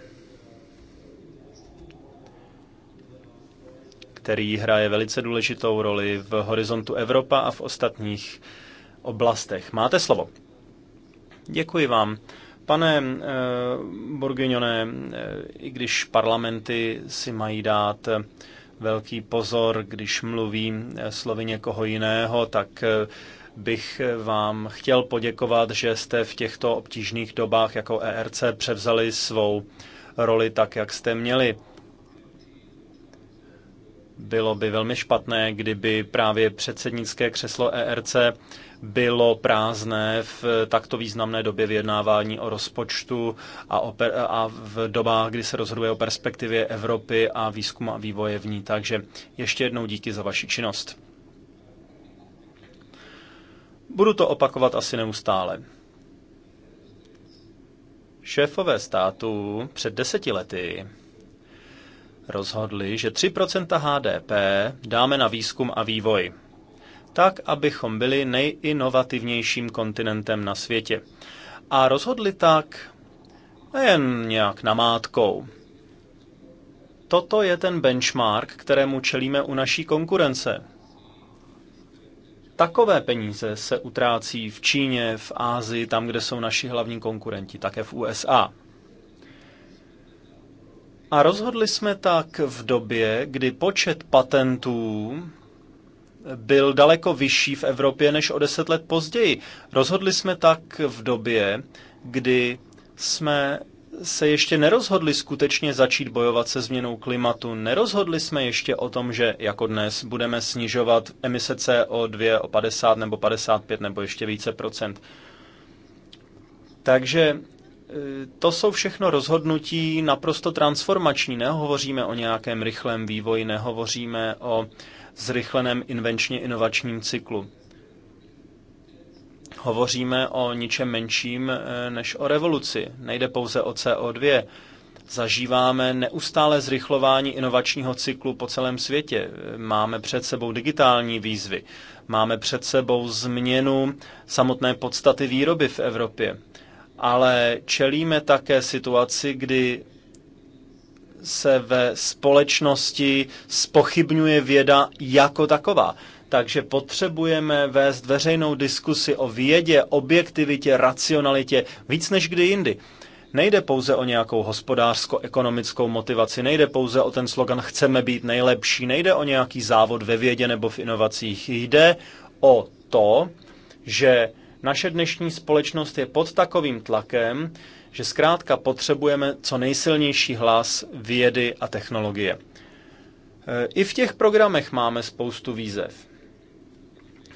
který hraje velice důležitou roli v horizontu Evropa a v ostatních oblastech. Máte slovo. Děkuji vám. Pane eh, Borgignone, eh, i když parlamenty si mají dát eh, velký pozor, když mluvím slovy někoho jiného, tak eh, bych eh, vám chtěl poděkovat, že jste v těchto obtížných dobách jako ERC převzali svou roli tak, jak jste měli. Bylo by velmi špatné, kdyby právě předsednické křeslo ERC bylo prázdné v takto významné době vyjednávání o rozpočtu a, o per, a v dobách, kdy se rozhoduje o perspektivě Evropy a výzkumu a vývoje v ní. Takže ještě jednou díky za vaši činnost. Budu to opakovat asi neustále. Šéfové států před deseti lety rozhodli, že 3% HDP dáme na výzkum a vývoj, tak, abychom byli nejinovativnějším kontinentem na světě. A rozhodli tak nejen nějak namátkou. Toto je ten benchmark, kterému čelíme u naší konkurence. Takové peníze se utrácí v Číně, v Ázii, tam, kde jsou naši hlavní konkurenti, také v USA. A rozhodli jsme tak v době, kdy počet patentů byl daleko vyšší v Evropě než o deset let později. Rozhodli jsme tak v době, kdy jsme se ještě nerozhodli skutečně začít bojovat se změnou klimatu. Nerozhodli jsme ještě o tom, že jako dnes budeme snižovat emise CO2 o 50 nebo 55 nebo ještě více procent. Takže to jsou všechno rozhodnutí naprosto transformační. Nehovoříme o nějakém rychlém vývoji, nehovoříme o zrychleném invenčně inovačním cyklu. Hovoříme o ničem menším eh, než o revoluci. Nejde pouze o CO2. Zažíváme neustále zrychlování inovačního cyklu po celém světě. Máme před sebou digitální výzvy. Máme před sebou změnu samotné podstaty výroby v Evropě ale čelíme také situaci, kdy se ve společnosti spochybňuje věda jako taková. Takže potřebujeme vést veřejnou diskusi o vědě, objektivitě, racionalitě víc než kdy jindy. Nejde pouze o nějakou hospodářsko-ekonomickou motivaci, nejde pouze o ten slogan chceme být nejlepší, nejde o nějaký závod ve vědě nebo v inovacích. Jde o to, že naše dnešní společnost je pod takovým tlakem, že zkrátka potřebujeme co nejsilnější hlas vědy a technologie. E, I v těch programech máme spoustu výzev.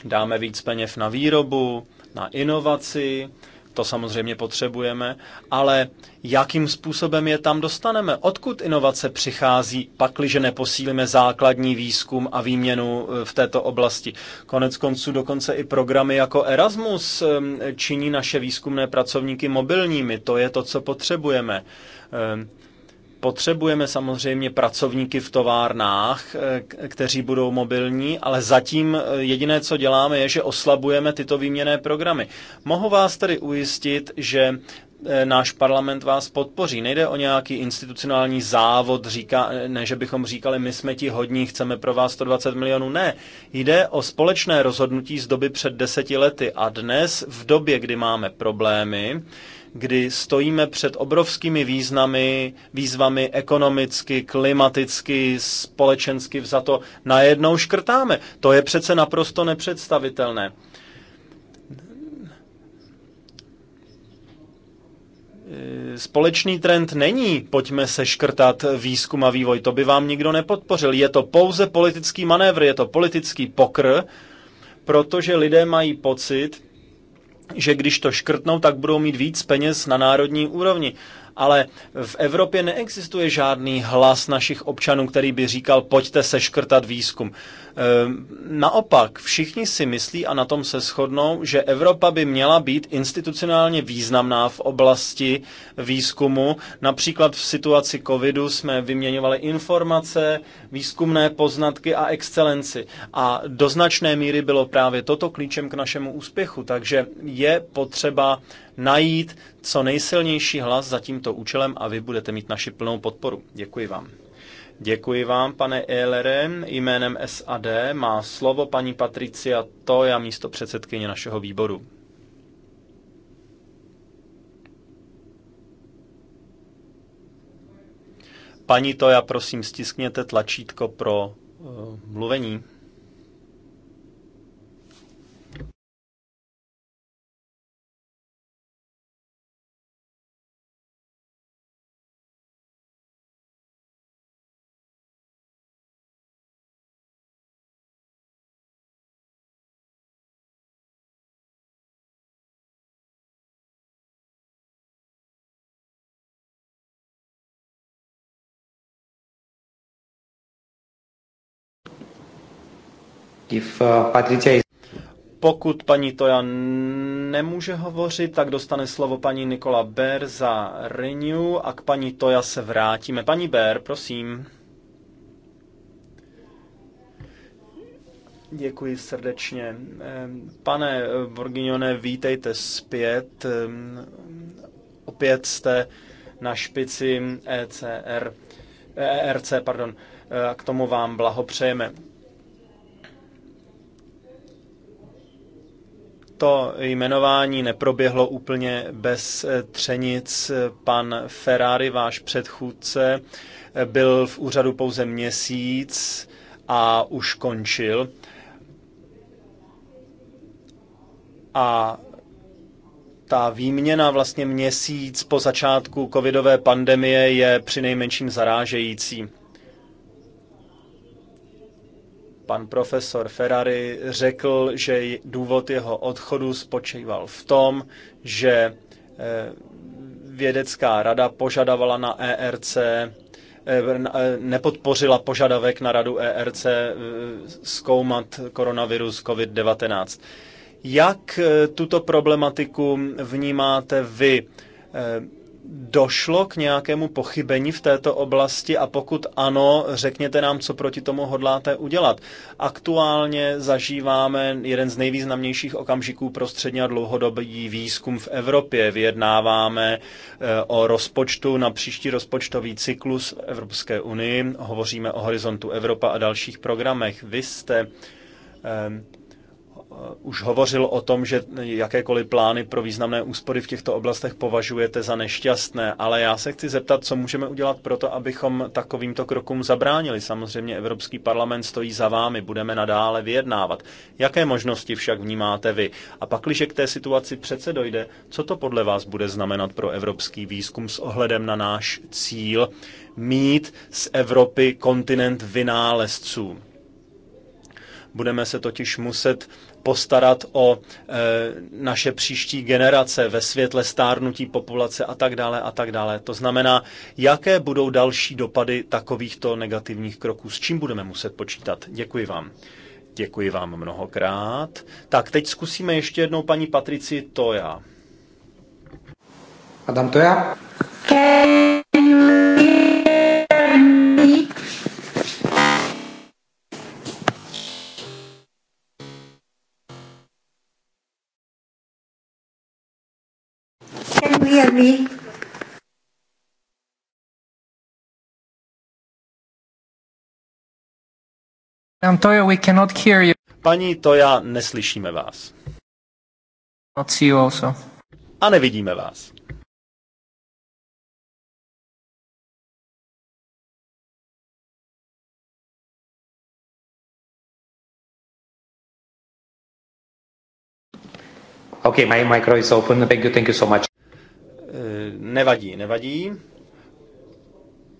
Dáme víc peněz na výrobu, na inovaci, to samozřejmě potřebujeme, ale jakým způsobem je tam dostaneme? Odkud inovace přichází, pakliže neposílíme základní výzkum a výměnu e, v této oblasti? Konec konců dokonce i programy jako Erasmus e, činí naše výzkumné pracovníky mobilními. To je to, co potřebujeme. E, Potřebujeme samozřejmě pracovníky v továrnách, eh, kteří budou mobilní, ale zatím eh, jediné, co děláme, je, že oslabujeme tyto výměné programy. Mohu vás tedy ujistit, že eh, náš parlament vás podpoří. Nejde o nějaký institucionální závod, říká, ne, že bychom říkali, my jsme ti hodní, chceme pro vás 120 milionů. Ne, jde o společné rozhodnutí z doby před deseti lety. A dnes, v době, kdy máme problémy, kdy stojíme před obrovskými významy, výzvami ekonomicky, klimaticky, společensky vzato, najednou škrtáme. To je přece naprosto nepředstavitelné. Společný trend není, pojďme se škrtat výzkum a vývoj, to by vám nikdo nepodpořil. Je to pouze politický manévr, je to politický pokr, protože lidé mají pocit, že když to škrtnou, tak budou mít víc peněz na národní úrovni. Ale v Evropě neexistuje žádný hlas našich občanů, který by říkal, pojďte se škrtat výzkum. Ehm, naopak, všichni si myslí a na tom se shodnou, že Evropa by měla být institucionálně významná v oblasti výzkumu. Například v situaci covidu jsme vyměňovali informace, výzkumné poznatky a excelenci. A do značné míry bylo právě toto klíčem k našemu úspěchu. Takže je potřeba najít co nejsilnější hlas za tímto účelem a vy budete mít naši plnou podporu. Děkuji vám. Děkuji vám, pane Ehlere. Jménem SAD má slovo paní Patricia Toja, místo předsedkyně našeho výboru. Paní Toja, prosím, stiskněte tlačítko pro uh, mluvení.
If uh, is...
Pokud paní Toja nemůže hovořit, tak dostane slovo paní Nikola Ber za Renew a k paní Toja se vrátíme. Paní Ber, prosím. Děkuji srdečně. Pane Borginione, eh, vítejte zpět. Opět jste na špici ECR, ERC, e pardon. Eh, k tomu vám blahopřejeme. to jmenování neproběhlo úplně bez eh, třenic. Pan Ferrari, váš předchůdce, eh, byl v úřadu pouze měsíc a už končil. A ta výměna vlastně měsíc po začátku covidové pandemie je přinejmenším zarážející. Pan profesor Ferrari řekl, že důvod jeho odchodu spočíval v tom, že eh, vědecká rada požadovala na ERC, eh, eh, nepodpořila požadavek na radu ERC zkoumat koronavirus COVID-19. Jak tuto problematiku vnímáte vy? Došlo k nějakému pochybení v této oblasti a pokud ano, řekněte nám, co proti tomu hodláte udělat. Aktuálně zažíváme jeden z nejvýznamnějších okamžiků pro středně a dlouhodobý výzkum v Evropě. Vyjednáváme eh, o rozpočtu na příští rozpočtový cyklus Evropské unii, hovoříme o horizontu Evropa a dalších programech. Vy jste eh, Uh, už hovořil o tom, že jakékoliv plány pro významné úspory v těchto oblastech považujete za nešťastné, ale já se chci zeptat, co můžeme udělat pro to, abychom takovýmto krokům zabránili. Samozřejmě Evropský parlament stojí za vámi, budeme nadále vyjednávat. Jaké možnosti však vnímáte vy? A pak, když k té situaci přece dojde, co to podle vás bude znamenat pro evropský výzkum s ohledem na náš cíl mít z Evropy kontinent vynálezců? Budeme se totiž muset postarat o e, naše příští generace ve světle stárnutí populace a tak dále a tak dále. To znamená, jaké budou další dopady takovýchto negativních kroků, s čím budeme muset počítat. Děkuji vám. Děkuji vám mnohokrát. Tak teď zkusíme ještě jednou paní Patrici Toja. Adam Toja. Can you...
we cannot hear you. Paní Toja, neslyšíme vás. Not see you also. A nevidíme vás. Okay, my micro is open. Thank you, thank you so much.
Eh, nevadí, nevadí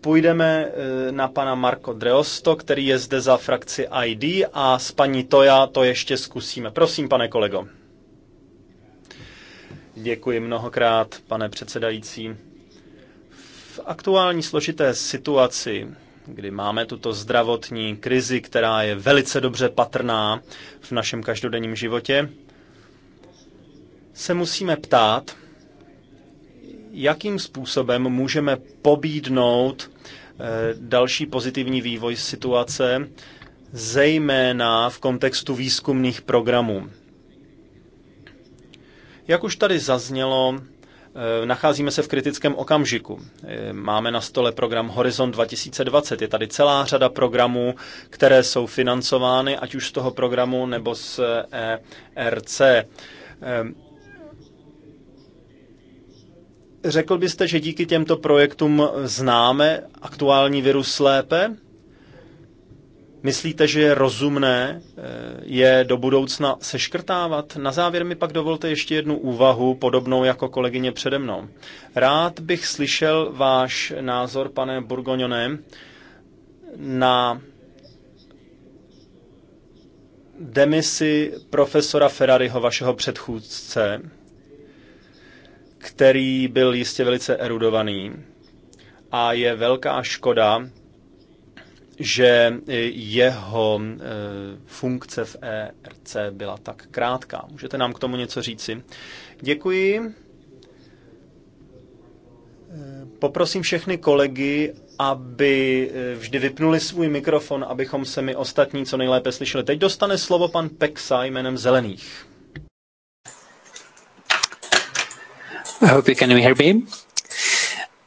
půjdeme eh, na pana Marko Dreosto, který je zde za frakci ID a s paní Toja to ještě zkusíme. Prosím, pane kolego. Děkuji mnohokrát, pane předsedající. V aktuální složité situaci, kdy máme tuto zdravotní krizi, která je velice dobře patrná v našem každodenním životě, se musíme ptát, jakým způsobem můžeme pobídnout Eh, další pozitivní vývoj situace, zejména v kontextu výzkumných programů. Jak už tady zaznělo, eh, nacházíme se v kritickém okamžiku. Eh, máme na stole program Horizon 2020. Je tady celá řada programů, které jsou financovány, ať už z toho programu nebo z ERC. Řekl byste, že díky těmto projektům známe aktuální virus lépe? Myslíte, že je rozumné eh, je do budoucna seškrtávat? Na závěr mi pak dovolte ještě jednu úvahu, podobnou jako kolegyně přede mnou. Rád bych slyšel váš názor, pane Burgoňone, na demisi profesora Ferrariho, vašeho předchůdce, který byl jistě velice erudovaný. A je velká škoda, že jeho e, funkce v ERC byla tak krátká. Můžete nám k tomu něco říci? Děkuji. E, poprosím všechny kolegy, aby e, vždy vypnuli svůj mikrofon, abychom se mi ostatní co nejlépe slyšeli. Teď dostane slovo pan Peksa jménem Zelených.
I hope you can hear me.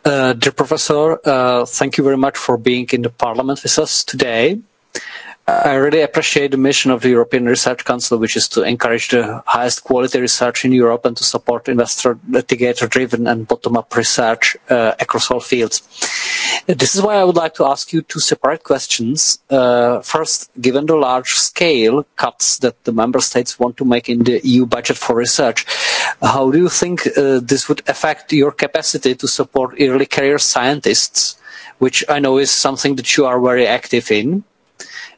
Uh, dear Professor, uh, thank you very much for being in the Parliament with us today. I really appreciate the mission of the European Research Council, which is to encourage the highest quality research in Europe and to support investor, investigator-driven and bottom-up research uh, across all fields. This is why I would like to ask you two separate questions. Uh, first, given the large scale cuts that the member states want to make in the EU budget for research, how do you think uh, this would affect your capacity to support early career scientists, which I know is something that you are very active in?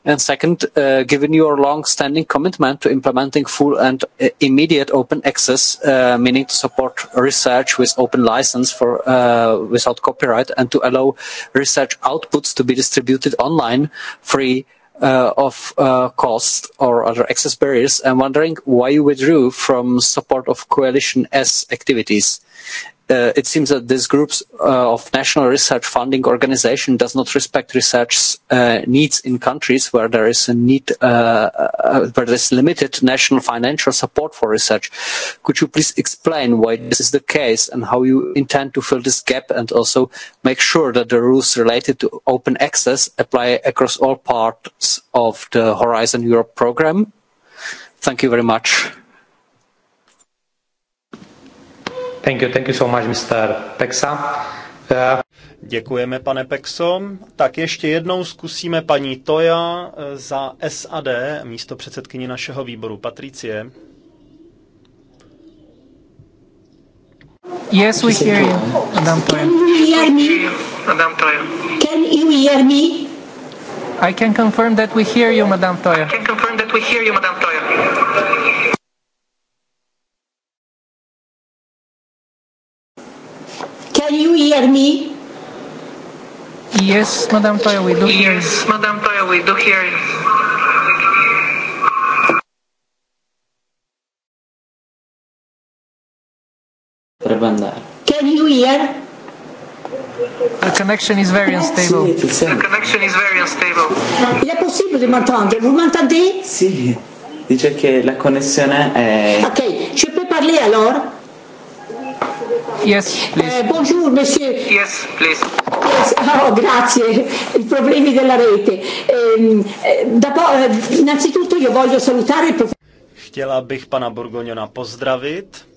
And second, uh, given your long-standing commitment to implementing full and uh, immediate open access, uh, meaning to support research with open license for uh, without copyright, and to allow research outputs to be distributed online, free uh, of uh, cost or other access barriers, I'm wondering why you withdrew from support of coalition S activities uh, it seems that this groups uh, of national research funding organization does not respect research uh, needs in countries where there is a need, uh, uh, uh where there is limited national financial support for research. Could you please explain why this is the case and how you intend to fill this gap and also make sure that the rules related to open access apply across all parts of the Horizon Europe program? Thank you very much.
Thank you, thank you so much, Mr. Pexa. Uh, Děkujeme, pane Pexo. Tak ještě jednou zkusíme paní Toja eh, za SAD, místo předsedkyni našeho výboru. Patricie.
Yes, we hear you, Madame Toja. Can you hear me? Madame Toja. Can you hear me? I can
confirm that we hear you, Madame Toya. I can confirm that we hear you, Madame Toya. Can you hear me? Yes, Madame Toya, we do hear you. Yes, Madame Toya, we do hear you. Can you hear? The connection is very unstable. The connection is very unstable.
È possibile, mantenere? Vous m'entendez? Sì. Dice che la connessione è... Ok, ci puoi parlare allora? Yes, please. Eh, bonjour, monsieur. Yes, please. Oh, grazie. I problemi della rete. Ehm, eh, eh, innanzitutto io voglio salutare il professor.
Chtěla bych pana Borgoňona pozdravit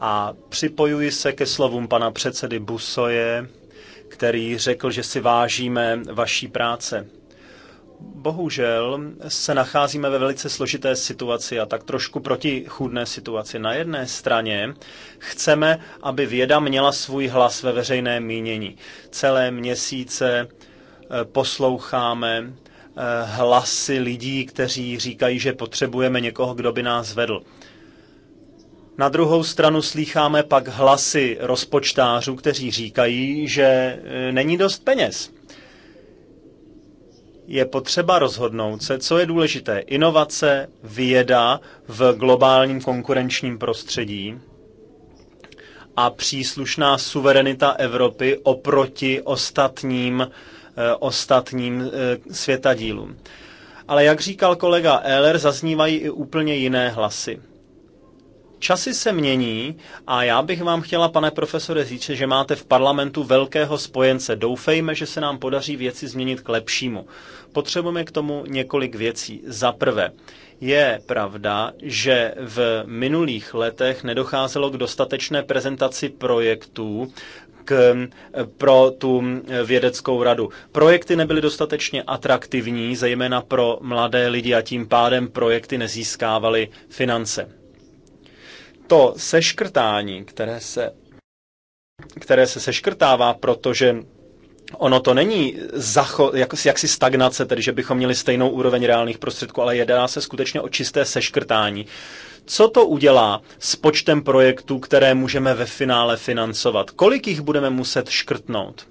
a připojuji se ke slovům pana předsedy Busoje, který řekl, že si vážíme vaší práce bohužel se nacházíme ve velice složité situaci a tak trošku protichůdné situaci. Na jedné straně chceme, aby věda měla svůj hlas ve veřejné mínění. Celé měsíce eh, posloucháme eh, hlasy lidí, kteří říkají, že potřebujeme někoho, kdo by nás vedl. Na druhou stranu slýcháme pak hlasy rozpočtářů, kteří říkají, že eh, není dost peněz je potřeba rozhodnout se, co je důležité. Inovace, věda v globálním konkurenčním prostředí a příslušná suverenita Evropy oproti ostatním, eh, ostatním eh, světadílům. Ale jak říkal kolega Ehler, zaznívají i úplně jiné hlasy. Časy se mění a já bych vám chtěla, pane profesore, říct, že máte v parlamentu velkého spojence. Doufejme, že se nám podaří věci změnit k lepšímu. Potřebujeme k tomu několik věcí. Za prvé, je pravda, že v minulých letech nedocházelo k dostatečné prezentaci projektů, k, pro tu vědeckou radu. Projekty nebyly dostatečně atraktivní, zejména pro mladé lidi a tím pádem projekty nezískávaly finance to seškrtání, které se, které se seškrtává, protože ono to není zacho, jak, jaksi stagnace, tedy že bychom měli stejnou úroveň reálných prostředků, ale jedná se skutečně o čisté seškrtání. Co to udělá s počtem projektů, které můžeme ve finále financovat? Kolik jich budeme muset škrtnout?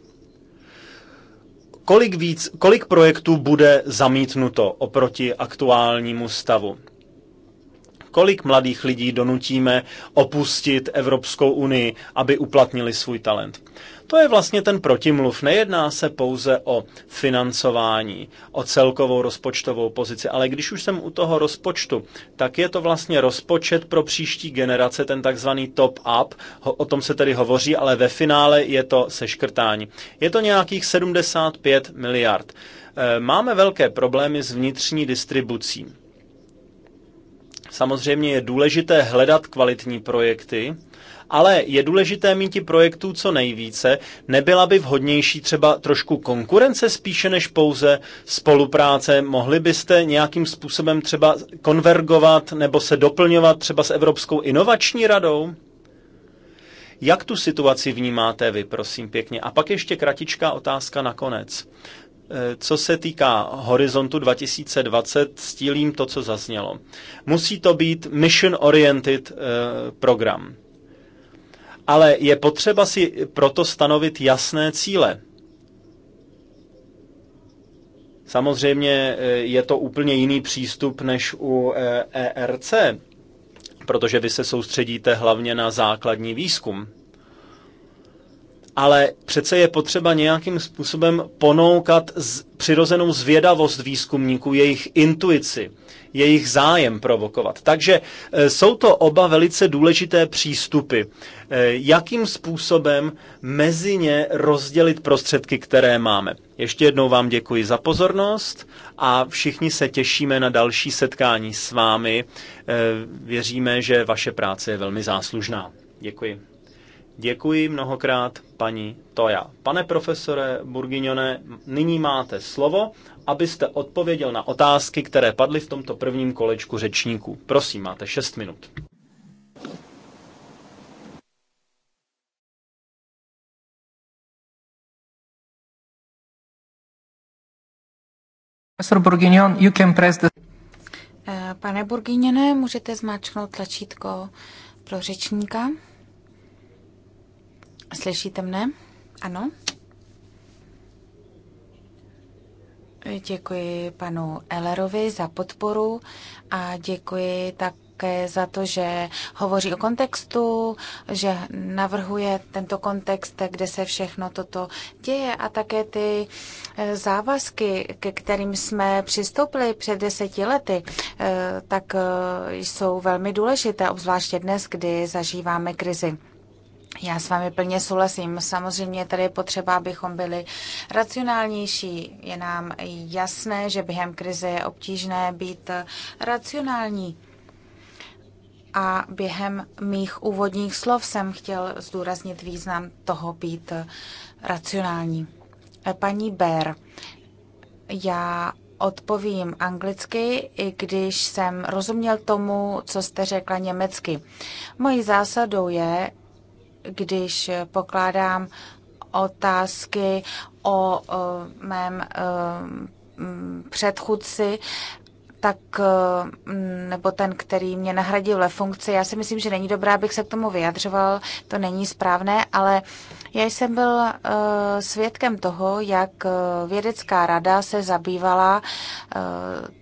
Kolik, víc, kolik projektů bude zamítnuto oproti aktuálnímu stavu? Kolik mladých lidí donutíme opustit Evropskou unii, aby uplatnili svůj talent? To je vlastně ten protimluv. Nejedná se pouze o financování, o celkovou rozpočtovou pozici, ale když už jsem u toho rozpočtu, tak je to vlastně rozpočet pro příští generace, ten takzvaný top-up, o tom se tedy hovoří, ale ve finále je to seškrtání. Je to nějakých 75 miliard. Eh, máme velké problémy s vnitřní distribucí. Samozřejmě je důležité hledat kvalitní projekty, ale je důležité mít i projektů co nejvíce. Nebyla by vhodnější třeba trošku konkurence spíše než pouze spolupráce? Mohli byste nějakým způsobem třeba konvergovat nebo se doplňovat třeba s Evropskou inovační radou? Jak tu situaci vnímáte vy, prosím pěkně? A pak ještě kratičká otázka nakonec. Eh, co se týká horizontu 2020, stílím to, co zaznělo. Musí to být mission-oriented eh, program. Ale je potřeba si proto stanovit jasné cíle. Samozřejmě eh, je to úplně jiný přístup než u ERC, e protože vy se soustředíte hlavně na základní výzkum ale přece je potřeba nějakým způsobem ponoukat z, přirozenou zvědavost výzkumníků, jejich intuici, jejich zájem provokovat. Takže e, jsou to oba velice důležité přístupy. E, jakým způsobem mezi ně rozdělit prostředky, které máme? Ještě jednou vám děkuji za pozornost a všichni se těšíme na další setkání s vámi. E, věříme, že vaše práce je velmi záslužná. Děkuji. Děkuji mnohokrát paní Toja. Pane profesore Burgiňone, nyní máte slovo, abyste odpověděl na otázky, které padly v tomto prvním kolečku řečníků. Prosím, máte 6 minut.
Profesor you can press the... Eh, pane Burginěne, můžete zmáčknout tlačítko
pro řečníka. Slyšíte mne? Ano? Děkuji panu Ellerovi za podporu a děkuji také za to, že hovoří o kontextu, že navrhuje tento kontext, kde se všechno toto děje a také ty eh, závazky, ke kterým jsme přistoupili před deseti lety, eh, tak eh, jsou velmi důležité, obzvláště dnes, kdy zažíváme krizi. Já s vámi plně souhlasím. Samozřejmě tady je potřeba, abychom byli racionálnější. Je nám jasné, že během krize je obtížné být racionální. A během mých úvodních slov jsem chtěl zdůraznit význam toho být racionální. E, paní Ber, já odpovím anglicky, i když jsem rozuměl tomu, co jste řekla německy. Mojí zásadou je, když pokládám otázky o, mém předchůdci, tak, nebo ten, který mě nahradil ve funkci, já si myslím, že není dobré, abych se k tomu vyjadřoval, to není správné, ale já jsem byl svědkem toho, jak vědecká rada se zabývala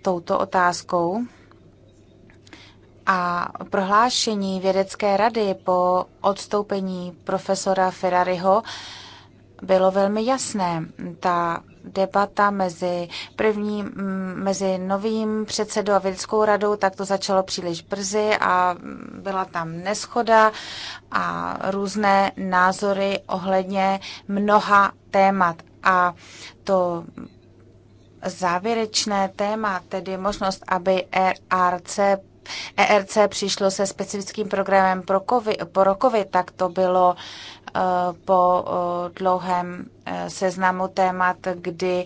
touto otázkou a prohlášení vědecké rady po odstoupení profesora Ferrariho bylo velmi jasné. Ta debata mezi, první, mm, mezi novým předsedou a vědeckou radou, tak to začalo příliš brzy a byla tam neschoda a různé názory ohledně mnoha témat. A to závěrečné téma, tedy možnost, aby e RRC ERC přišlo se specifickým programem pro COVID, pro COVID tak to bylo eh, po eh, dlouhém eh, seznamu témat, kdy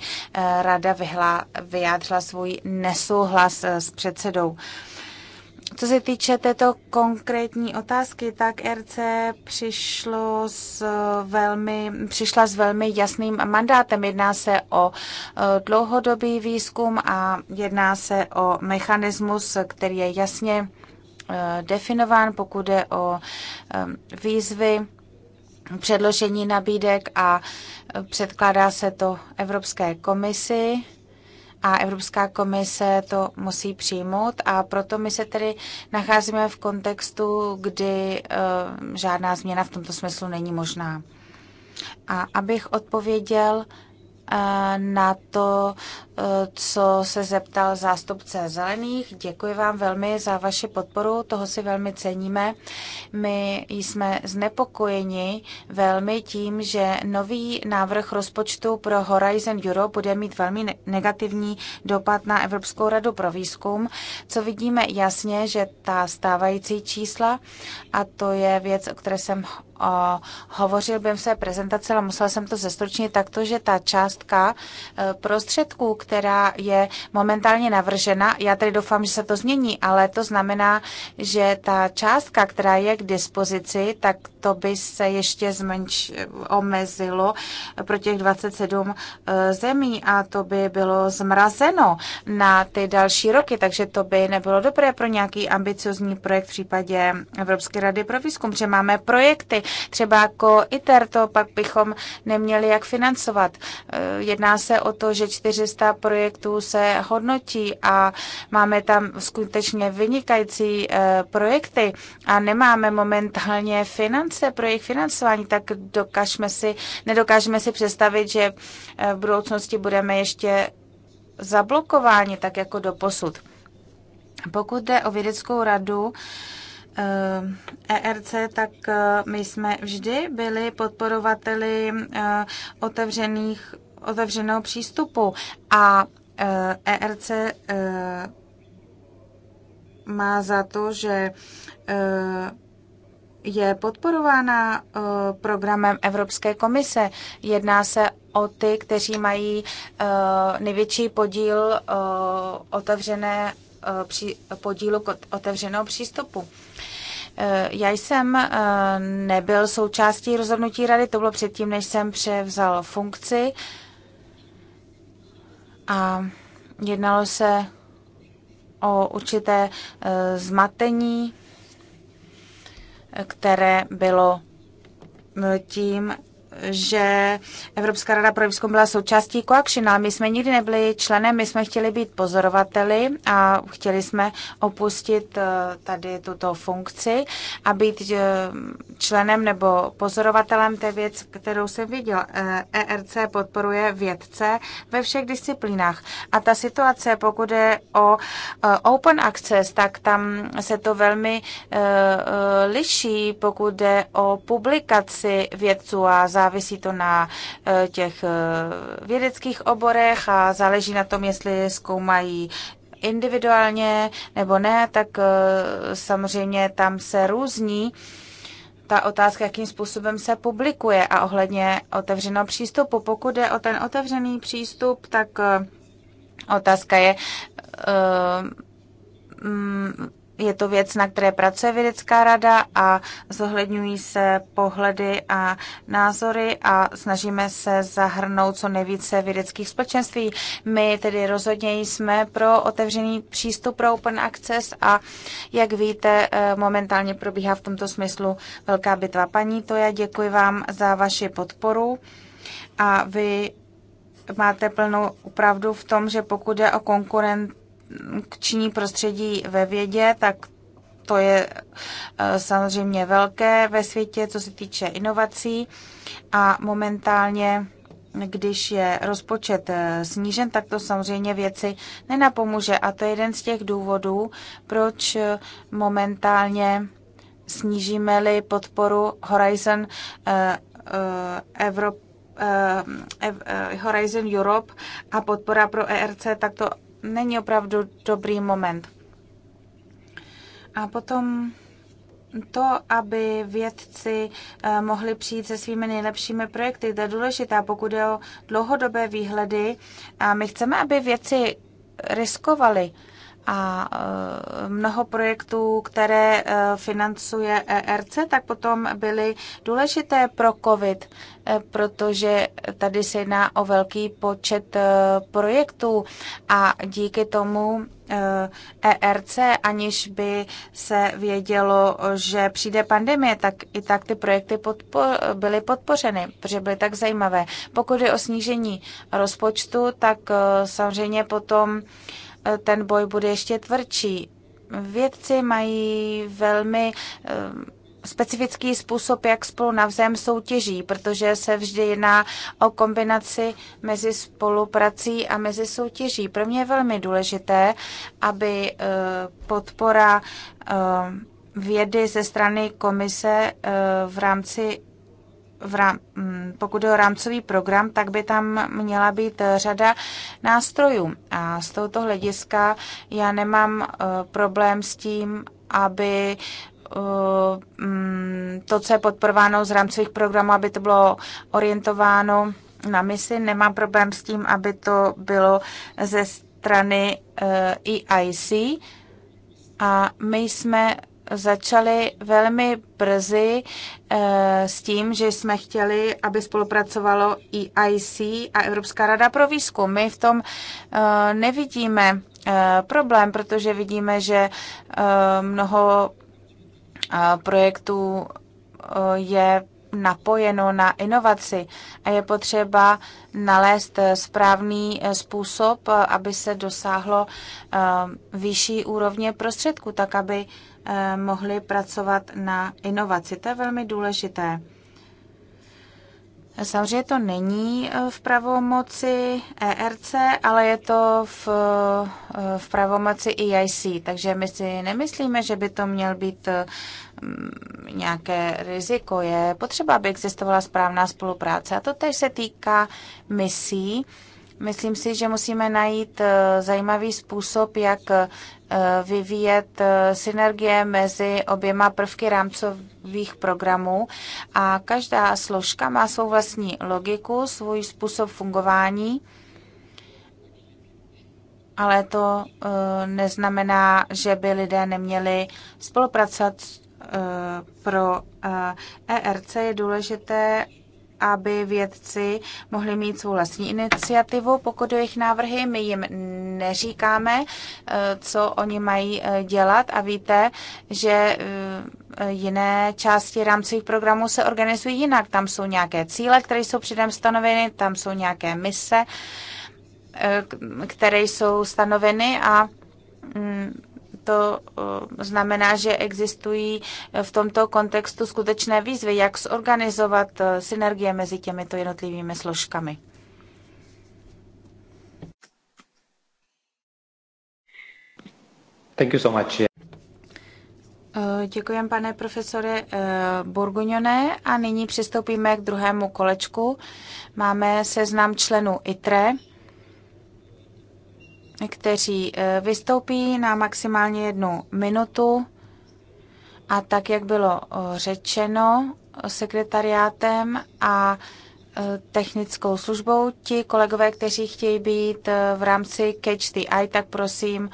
rada vyhla, vyjádřila svůj nesouhlas s předsedou. Co se týče této konkrétní otázky, tak RC přišlo s eh, velmi, přišla s velmi jasným mandátem. Jedná se o eh, dlouhodobý výzkum a jedná se o mechanismus, který je jasně eh, definován, pokud je o výzvy předložení nabídek a předkládá se to Evropské komisi a Evropská komise to musí přijmout a proto my se tedy nacházíme v kontextu, kdy e, žádná změna v tomto smyslu není možná. A abych odpověděl na to, e, co se zeptal zástupce zelených. Děkuji vám velmi za vaši podporu, toho si velmi ceníme. My jsme znepokojeni velmi tím, že nový návrh rozpočtu pro Horizon Europe bude mít velmi negativní dopad na Evropskou radu pro výzkum, co vidíme jasně, že ta stávající čísla, a to je věc, o které jsem hovořil během své prezentace, ale musela jsem to zestručnit takto, že ta částka e, prostředků, která je momentálně navržena, já tedy doufám, že se to změní, ale to znamená, že ta částka, která je k dispozici, tak to by se ještě zmenš, omezilo pro těch 27 e, zemí a to by bylo zmrazeno na ty další roky, takže to by nebylo dobré pro nějaký ambiciozní projekt v případě Evropské rady pro výzkum, že máme projekty, třeba jako ITER, to pak bychom neměli jak financovat. Eh, jedná se o to, že 400 projektů se hodnotí a máme tam skutečně vynikající eh, projekty a nemáme momentálně finance pro jejich financování, tak dokážeme si, nedokážeme si představit, že eh, v budoucnosti budeme ještě zablokováni tak jako do posud. Pokud jde o vědeckou radu, ERC, eh, e tak eh, my jsme vždy byli podporovateli eh, otevřených, otevřeného přístupu a ERC e má za to, že je podporována programem Evropské komise. Jedná se o ty, kteří mají největší podíl otevřené Eh, při podílu k otevřeného přístupu. Eh, já jsem eh, nebyl součástí rozhodnutí rady, to bylo předtím, než jsem převzal funkci. A jednalo se o určité zmatení, které bylo tím, že Evropská rada pro výzkum byla součástí Koakšina. My jsme nikdy nebyli členem, my jsme chtěli být pozorovateli a chtěli jsme opustit eh, tady tuto funkci a být eh, členem nebo pozorovatelem, té věc, kterou jsem viděl. ERC eh, e podporuje vědce ve všech disciplínách. A ta situace, pokud je o open access, tak tam se to velmi liší, pokud je o publikaci vědců a závisí to na eh, těch eh, vědeckých oborech a záleží na tom, jestli zkoumají individuálně nebo ne, tak eh, samozřejmě tam se různí ta otázka, jakým způsobem se publikuje a ohledně otevřeného přístupu. Pokud je o ten otevřený přístup, tak otázka je, mm, je to věc, na které pracuje vědecká rada a zohledňují se pohledy a názory a snažíme se zahrnout co nejvíce vědeckých společenství. My tedy rozhodně jsme pro otevřený přístup pro open access a jak víte, eh, momentálně probíhá v tomto smyslu velká bitva. Paní to já děkuji vám za vaši podporu a vy máte plnou pravdu v tom, že pokud je o konkurent činí prostředí ve vědě, tak to je e, samozřejmě velké ve světě, co se týče inovací a momentálně když je rozpočet e, snížen, tak to samozřejmě věci nenapomůže. A to je jeden z těch důvodů, proč e, momentálně snížíme-li podporu Horizon Europe, Horizon Europe a podpora pro ERC, tak to není opravdu dobrý moment. A potom to, aby vědci eh, mohli přijít se svými nejlepšími projekty, to je důležité, pokud je o dlouhodobé výhledy. A my chceme, aby vědci riskovali a e, mnoho projektů, které e, financuje ERC, tak potom byly důležité pro COVID, e, protože tady se jedná o velký počet projektů a díky tomu ERC, aniž by se vědělo, že přijde pandemie, tak i tak ty projekty podpo- byly podpořeny, protože byly tak zajímavé. Pokud je o snížení rozpočtu, tak samozřejmě potom Eh, ten boj bude ještě tvrdší. Vědci mají velmi eh, specifický způsob, jak spolu navzájem soutěží, protože se vždy jedná o kombinaci mezi spoluprací a mezi soutěží. Pro mě je velmi důležité, aby eh, podpora vědy ze strany komise v rámci v rám, mm, pokud je o rámcový program, tak by tam měla být eh, řada nástrojů. A z tohoto hlediska já nemám eh, problém s tím, aby eh, mm, to, co je podporováno z rámcových programů, aby to bylo orientováno na misi. Nemám problém s tím, aby to bylo ze strany EIC. E A my jsme začali velmi brzy eh, s tím, že jsme chtěli, aby spolupracovalo EIC a Evropská rada pro výzkum. My v tom eh, nevidíme eh, problém, protože vidíme, že mnoho projektů je napojeno na inovaci a je potřeba nalézt správný způsob, aby se dosáhlo vyšší úrovně prostředku, tak aby Eh, mohli pracovat na inovaci. To je velmi důležité. Samozřejmě to není eh, v pravomoci ERC, ale je to v, eh, v pravomoci EIC, takže my si nemyslíme, že by to měl být nějaké riziko. Je potřeba, aby existovala správná spolupráce. A to tež se týká misí. Myslím si, že musíme najít zajímavý způsob, jak Eh, vyvíjet eh, synergie mezi oběma prvky rámcových programů a každá složka má svou vlastní logiku, svůj způsob fungování, ale to eh, neznamená, že by lidé neměli spolupracovat pro ERC e je důležité aby vědci mohli mít svou vlastní iniciativu. Pokud jejich návrhy, my jim neříkáme, eh, co oni mají eh, dělat a víte, že eh, jiné části rámcových programů se organizují jinak. Tam jsou nějaké cíle, které jsou předem stanoveny, tam jsou nějaké mise, které jsou stanoveny a mm, to eh, znamená, že existují eh, v tomto kontextu skutečné výzvy, jak zorganizovat eh, synergie mezi těmito jednotlivými složkami.
Thank you so much.
Děkujem, pane profesore Borguňoné. A nyní přistoupíme k druhému kolečku. Máme seznam členů ITRE kteří eh, vystoupí na maximálně jednu minutu. A tak, jak bylo eh, řečeno sekretariátem a eh, technickou službou, ti kolegové, kteří chtějí být v rámci Catch the Eye, tak prosím,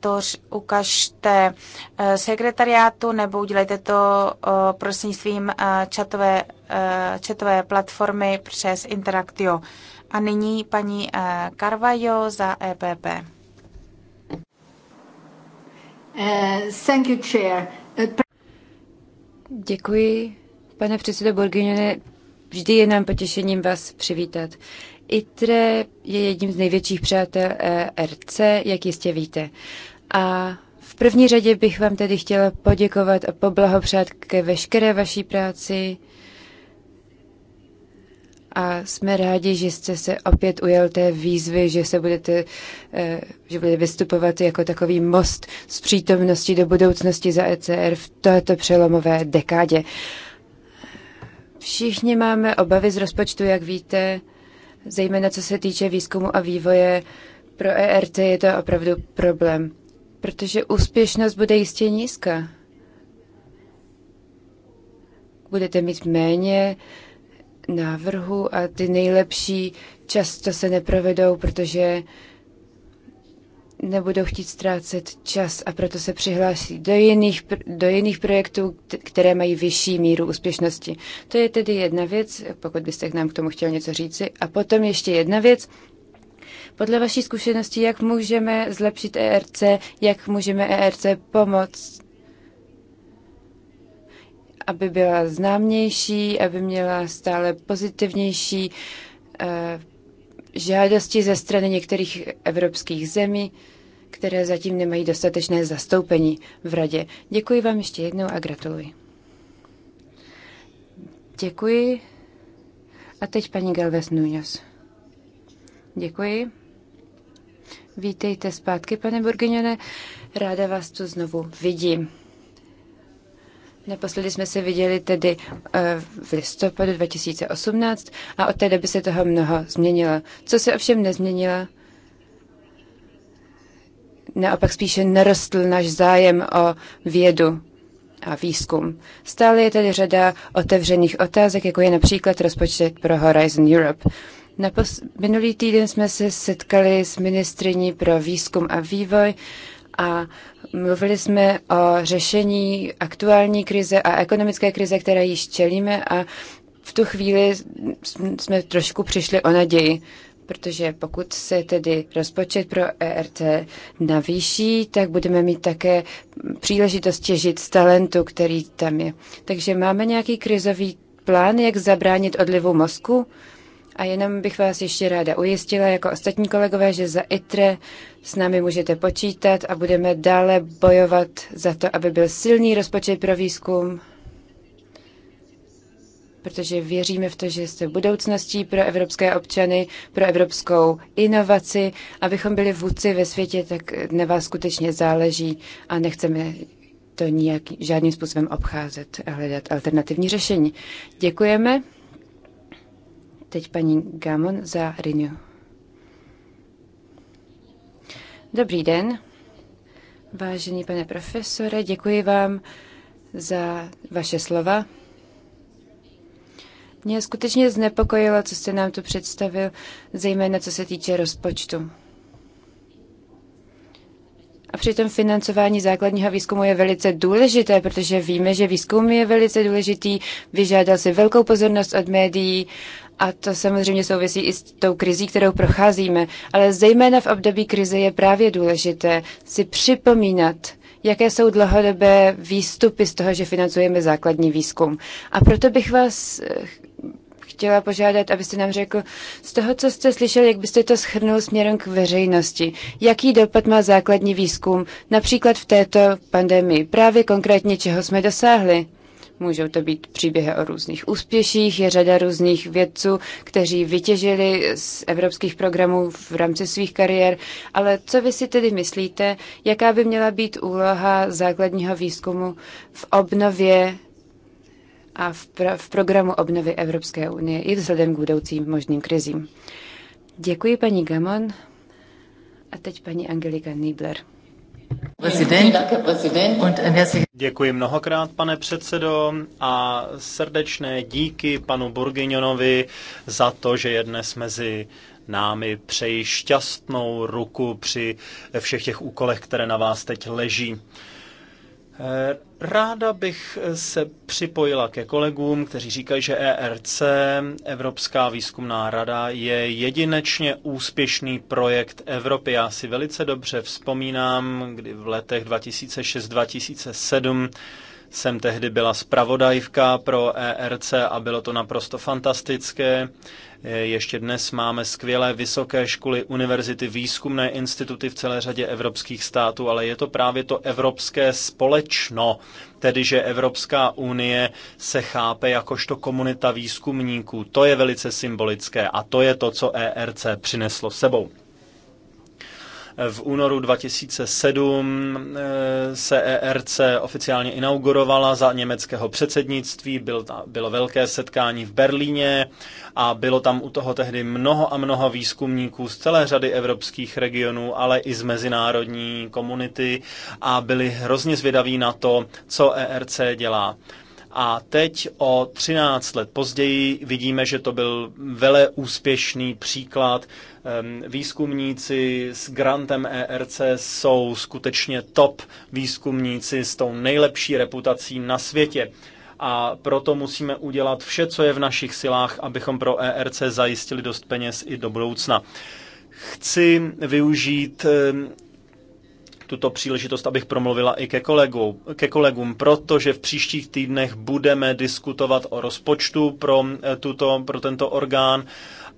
to ukažte sekretariátu nebo udělejte to prostřednictvím čatové, čatové platformy přes Interactio. A nyní paní eh, Carvajo za EPP.
Eh, thank you, chair. Eh, Děkuji, pane předsedo Borginione. Vždy je nám potěšením vás přivítat. ITRE je jedním z největších přátel ERC, jak jistě víte. A v první řadě bych vám tedy chtěla poděkovat a poblahopřát ke veškeré vaší práci, a jsme rádi, že jste se opět ujel té výzvy, že se budete, eh, že budete vystupovat jako takový most z přítomnosti do budoucnosti za ECR v této přelomové dekádě. Všichni máme obavy z rozpočtu, jak víte, zejména co se týče výzkumu a vývoje. Pro ERT je to opravdu problém, protože úspěšnost bude jistě nízká. Budete mít méně návrhu a ty nejlepší často se neprovedou, protože nebudou chtít ztrácet čas a proto se přihlásí do jiných, do jiných projektů, které mají vyšší míru úspěšnosti. To je tedy jedna věc, pokud byste k nám k tomu chtěl něco říci. A potom ještě jedna věc. Podle vaší zkušenosti, jak můžeme zlepšit ERC, jak můžeme ERC pomoct aby byla známější, aby měla stále pozitivnější eh, žádosti ze strany některých evropských zemí, které zatím nemají dostatečné zastoupení v radě. Děkuji vám ještě jednou a gratuluji. Děkuji. A teď paní Galvez Núñez. Děkuji. Vítejte zpátky, pane Burgiňone. Ráda vás tu znovu vidím. Naposledy jsme se viděli tedy eh, v listopadu 2018 a od té doby se toho mnoho změnilo. Co se ovšem nezměnilo, naopak spíše narostl náš zájem o vědu a výzkum. Stále je tedy řada otevřených otázek, jako je například rozpočet pro Horizon Europe. minulý týden jsme se setkali s ministriní pro výzkum a vývoj a mluvili jsme o řešení aktuální krize a ekonomické krize, které již čelíme a v tu chvíli jsme trošku přišli o naději, protože pokud se tedy rozpočet pro ERC navýší, tak budeme mít také příležitost těžit z talentu, který tam je. Takže máme nějaký krizový plán, jak zabránit odlivu mozku? A jenom bych vás ještě ráda ujistila, jako ostatní kolegové, že za ITRE s námi můžete počítat a budeme dále bojovat za to, aby byl silný rozpočet pro výzkum, protože věříme v to, že jste budoucností pro evropské občany, pro evropskou inovaci. Abychom byli vůdci ve světě, tak na vás skutečně záleží a nechceme to nijak, žádným způsobem obcházet a hledat alternativní řešení. Děkujeme. Teď paní Gamon za Renew. Dobrý den, vážený pane profesore, děkuji vám za vaše slova. Mě skutečně znepokojilo, co jste nám tu představil, zejména co se týče rozpočtu. A přitom financování základního výzkumu je velice důležité, protože víme, že výzkum je velice důležitý, vyžádal si velkou pozornost od médií a to samozřejmě souvisí i s tou krizí, kterou procházíme. Ale zejména v období krize je právě důležité si připomínat, jaké jsou dlouhodobé výstupy z toho, že financujeme základní výzkum. A proto bych vás chtěla požádat, abyste nám řekl, z toho, co jste slyšel, jak byste to schrnul směrem k veřejnosti. Jaký dopad má základní výzkum, například v této pandemii? Právě konkrétně, čeho jsme dosáhli? Můžou to být příběhy o různých úspěších, je řada různých vědců, kteří vytěžili z evropských programů v rámci svých kariér, ale co vy si tedy myslíte, jaká by měla být úloha základního výzkumu v obnově a v, pro, v programu obnovy Evropské unie i vzhledem k budoucím možným krizím. Děkuji paní Gamon a teď paní Angelika Niebler.
Děkuji mnohokrát, pane předsedo, a srdečné díky panu Burginionovi za to, že je dnes mezi námi. Přeji šťastnou ruku při všech těch úkolech, které na vás teď leží. Eh, ráda bych eh, se připojila ke kolegům, kteří říkají, že ERC, Evropská výzkumná rada, je jedinečně úspěšný projekt Evropy. Já si velice dobře vzpomínám, kdy v letech 2006-2007 jsem tehdy byla zpravodajka pro ERC a bylo to naprosto fantastické. E, ještě dnes máme skvělé vysoké školy, univerzity, výzkumné instituty v celé řadě evropských států, ale je to právě to evropské společno, tedy že Evropská unie se chápe jakožto komunita výzkumníků. To je velice symbolické a to je to, co ERC přineslo sebou. V únoru 2007 eh, se ERC oficiálně inaugurovala za německého předsednictví, bylo, bylo velké setkání v Berlíně a bylo tam u toho tehdy mnoho a mnoho výzkumníků z celé řady evropských regionů, ale i z mezinárodní komunity a byli hrozně zvědaví na to, co ERC dělá. A teď o 13 let později vidíme, že to byl vele úspěšný příklad. Ehm, výzkumníci s grantem ERC jsou skutečně top výzkumníci s tou nejlepší reputací na světě. A proto musíme udělat vše, co je v našich silách, abychom pro ERC zajistili dost peněz i do budoucna chci využít ehm, tuto příležitost, abych promluvila i ke, kolegu, ke kolegům, protože v příštích týdnech budeme diskutovat o rozpočtu pro, eh, tuto, pro tento orgán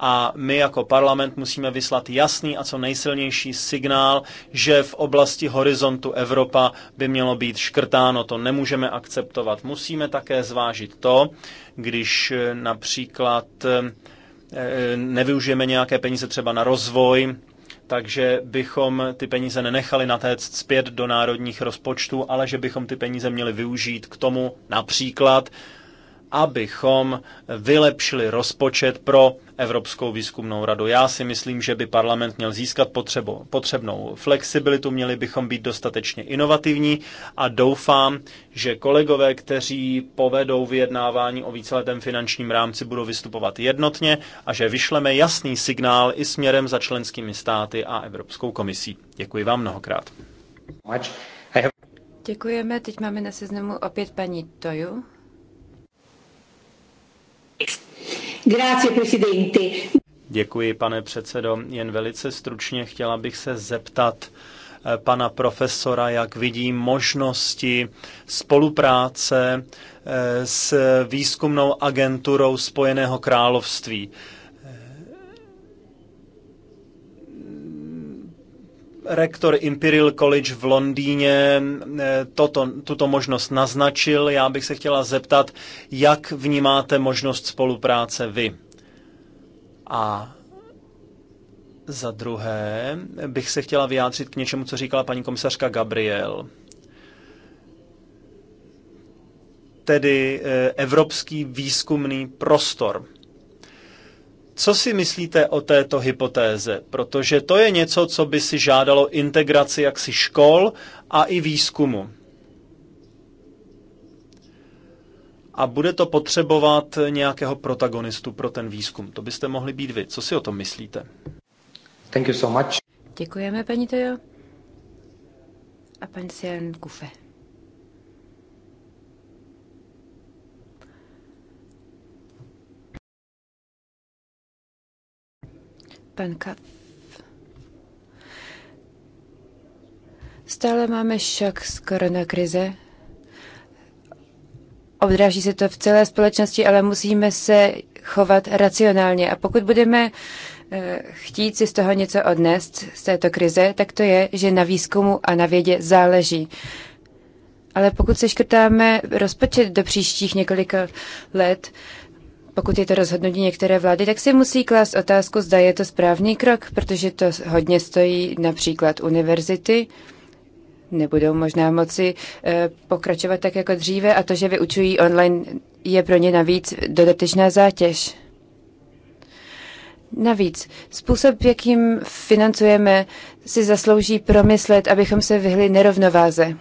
a my jako parlament musíme vyslat jasný a co nejsilnější signál, že v oblasti horizontu Evropa by mělo být škrtáno. To nemůžeme akceptovat. Musíme také zvážit to, když eh, například eh, nevyužijeme nějaké peníze třeba na rozvoj takže bychom ty peníze nenechali natéct zpět do národních rozpočtů, ale že bychom ty peníze měli využít k tomu například, abychom vylepšili rozpočet pro Evropskou výzkumnou radu. Já si myslím, že by parlament měl získat potřebu, potřebnou flexibilitu, měli bychom být dostatečně inovativní a doufám, že kolegové, kteří povedou vyjednávání o víceletém finančním rámci, budou vystupovat jednotně a že vyšleme jasný signál i směrem za členskými státy a Evropskou komisí. Děkuji vám mnohokrát.
Děkujeme. Teď máme na seznamu opět paní Toju.
Grazie, presidente.
Děkuji, pane předsedo. Jen velice stručně chtěla bych se zeptat eh, pana profesora, jak vidí možnosti spolupráce eh, s výzkumnou agenturou Spojeného království rektor Imperial College v Londýně eh, toto, tuto možnost naznačil. Já bych se chtěla zeptat, jak vnímáte možnost spolupráce vy? A za druhé bych se chtěla vyjádřit k něčemu, co říkala paní komisařka Gabriel. Tedy eh, evropský výzkumný prostor. Co si myslíte o této hypotéze? Protože to je něco, co by si žádalo integraci jaksi škol a i výzkumu. A bude to potřebovat nějakého protagonistu pro ten výzkum. To byste mohli být vy. Co si o tom myslíte? Thank you so much.
Děkujeme, paní Tojo. A pan Sian Kufe. Penkat. Stále máme šok z koronakrize. Obdráží se to v celé společnosti, ale musíme se chovat racionálně. A pokud budeme eh, chtít si z toho něco odnést, z této krize, tak to je, že na výzkumu a na vědě záleží. Ale pokud se škrtáme rozpočet do příštích několika let, pokud je to rozhodnutí některé vlády, tak si musí klást otázku, zda je to správný krok, protože to hodně stojí například univerzity, nebudou možná moci eh, pokračovat tak jako dříve a to, že vyučují online, je pro ně navíc dodatečná zátěž. Navíc, způsob, jakým financujeme, si zaslouží promyslet, abychom se vyhli nerovnováze.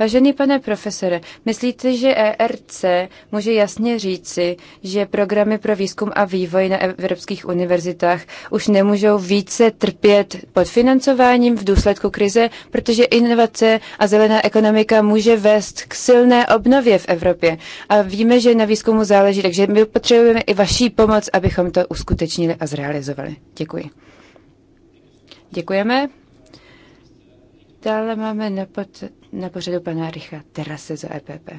Vážený pane profesore, myslíte, že ERC může jasně říci, že programy pro výzkum a vývoj na evropských univerzitách už nemůžou více trpět pod financováním v důsledku krize, protože inovace a zelená ekonomika může vést k silné obnově v Evropě. A víme, že na výzkumu záleží, takže my potřebujeme i vaší pomoc, abychom to uskutečnili a zrealizovali. Děkuji. Děkujeme. Dále máme na pod na pořadu pana Richa Terase za EPP.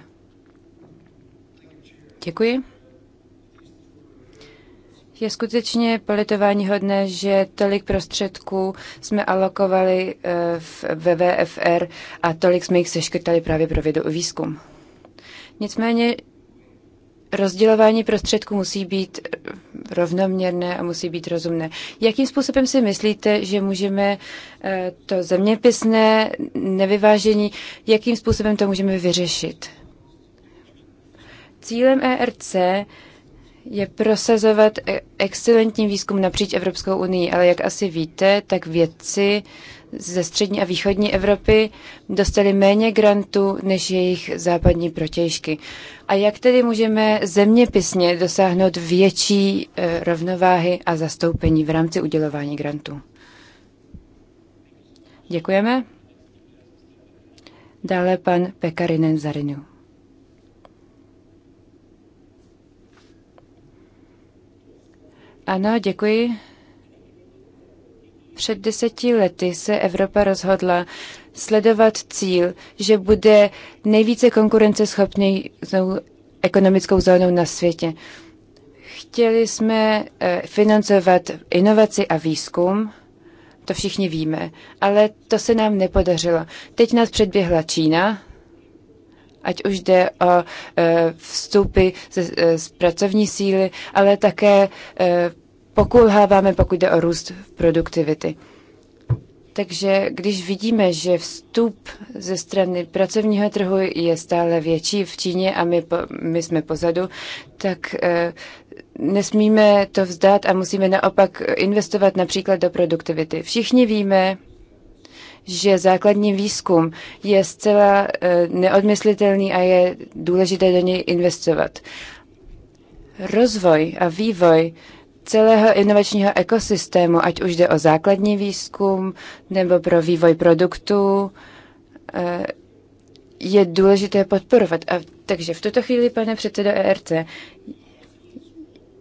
Děkuji. Je skutečně politování hodné, že tolik prostředků jsme alokovali eh, v VFR a tolik jsme jich seškrtali právě pro vědu a výzkum. Nicméně rozdělování prostředků musí být rovnoměrné a musí být rozumné. Jakým způsobem si myslíte, že můžeme eh, to zeměpisné nevyvážení, jakým způsobem to můžeme vyřešit? Cílem ERC je prosazovat e- excelentní výzkum napříč Evropskou unii, ale jak asi víte, tak vědci ze střední a východní Evropy dostali méně grantů než jejich západní protějšky. A jak tedy můžeme zeměpisně dosáhnout větší e, rovnováhy a zastoupení v rámci udělování grantů? Děkujeme. Dále pan Pekarinen Zarinu. Ano, děkuji. Před deseti lety se Evropa rozhodla sledovat cíl, že bude nejvíce konkurenceschopný ekonomickou zónou na světě. Chtěli jsme eh, financovat inovaci a výzkum, to všichni víme, ale to se nám nepodařilo. Teď nás předběhla Čína ať už jde o e, vstupy z, e, z pracovní síly, ale také e, pokulháváme, pokud jde o růst produktivity. Takže když vidíme, že vstup ze strany pracovního trhu je stále větší v Číně a my, po, my jsme pozadu, tak e, nesmíme to vzdát a musíme naopak investovat například do produktivity. Všichni víme, že základní výzkum je zcela eh, neodmyslitelný a je důležité do něj investovat. Rozvoj a vývoj celého inovačního ekosystému, ať už jde o základní výzkum nebo pro vývoj produktů, eh, je důležité podporovat. A takže v tuto chvíli, pane předsedo ERC,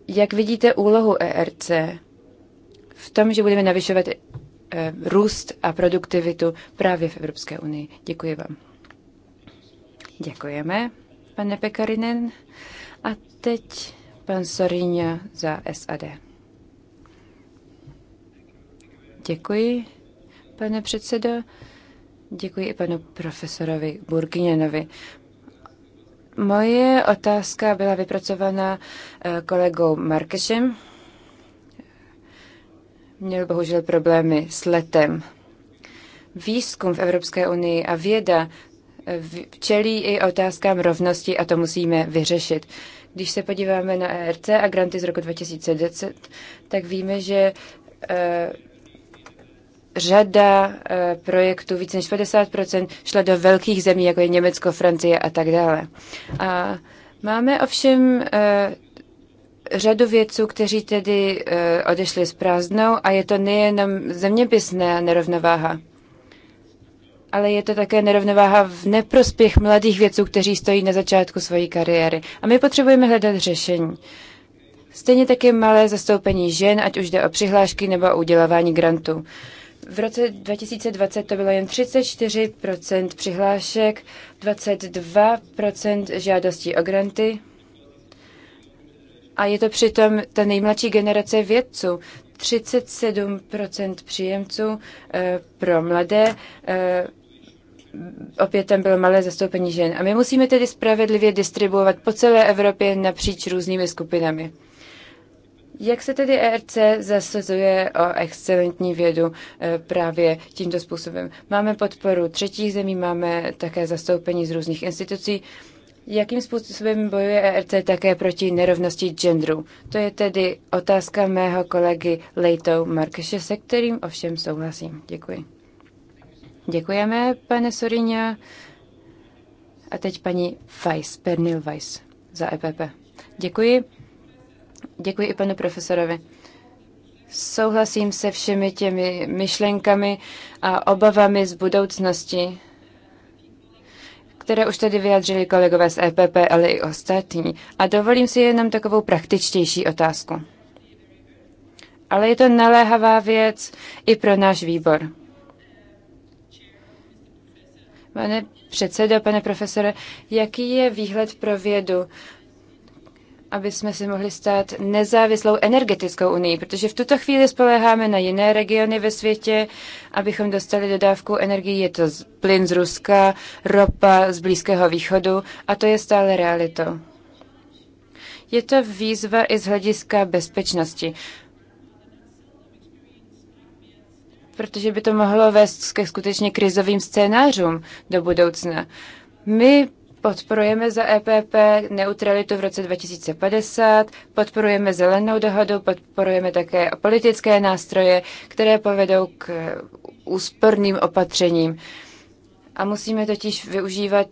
jak vidíte úlohu ERC v tom, že budeme navyšovat Eh, růst a produktivitu právě v Evropské unii. Děkuji vám. Děkujeme, pane Pekarinen. A teď pan Sorinja za SAD. Děkuji, pane předsedo. Děkuji i panu profesorovi Burginenovi. Moje otázka byla vypracována eh, kolegou Markešem měl bohužel problémy s letem. Výzkum v Evropské unii a věda eh, čelí i otázkám rovnosti a to musíme vyřešit. Když se podíváme na ERC a granty z roku 2010, tak víme, že eh, řada eh, projektů, více než 50%, šla do velkých zemí, jako je Německo, Francie a tak dále. A máme ovšem řadu věců, kteří tedy eh, odešli s prázdnou a je to nejenom zeměpisná nerovnováha, ale je to také nerovnováha v neprospěch mladých vědců, kteří stojí na začátku své kariéry. A my potřebujeme hledat řešení. Stejně také malé zastoupení žen, ať už jde o přihlášky nebo o udělování grantů. V roce 2020 to bylo jen 34 přihlášek, 22 žádostí o granty a je to přitom ta nejmladší generace vědců. 37% příjemců eh, pro mladé eh, opět tam bylo malé zastoupení žen. A my musíme tedy spravedlivě distribuovat po celé Evropě napříč různými skupinami. Jak se tedy ERC zasazuje o excelentní vědu eh, právě tímto způsobem? Máme podporu třetích zemí, máme také zastoupení z různých institucí. Jakým způsobem bojuje ERC také proti nerovnosti genderu? To je tedy otázka mého kolegy Lejtou Markeše, se kterým ovšem souhlasím. Děkuji. Děkujeme, pane Sorině. A teď paní Weiss, Pernil Weiss za EPP. Děkuji. Děkuji i panu profesorovi. Souhlasím se všemi těmi myšlenkami a obavami z budoucnosti které už tady vyjadřili kolegové z EPP, ale i ostatní. A dovolím si jenom takovou praktičtější otázku. Ale je to naléhavá věc i pro náš výbor. Pane předsedo, pane profesore, jaký je výhled pro vědu aby jsme si mohli stát nezávislou energetickou unii, protože v tuto chvíli spoléháme na jiné regiony ve světě, abychom dostali dodávku energii. Je to plyn z Ruska, ropa z Blízkého východu a to je stále realitou. Je to výzva i z hlediska bezpečnosti, protože by to mohlo vést ke skutečně krizovým scénářům do budoucna. My Podporujeme za EPP neutralitu v roce 2050, podporujeme zelenou dohodu, podporujeme také politické nástroje, které povedou k úsporným opatřením. A musíme totiž využívat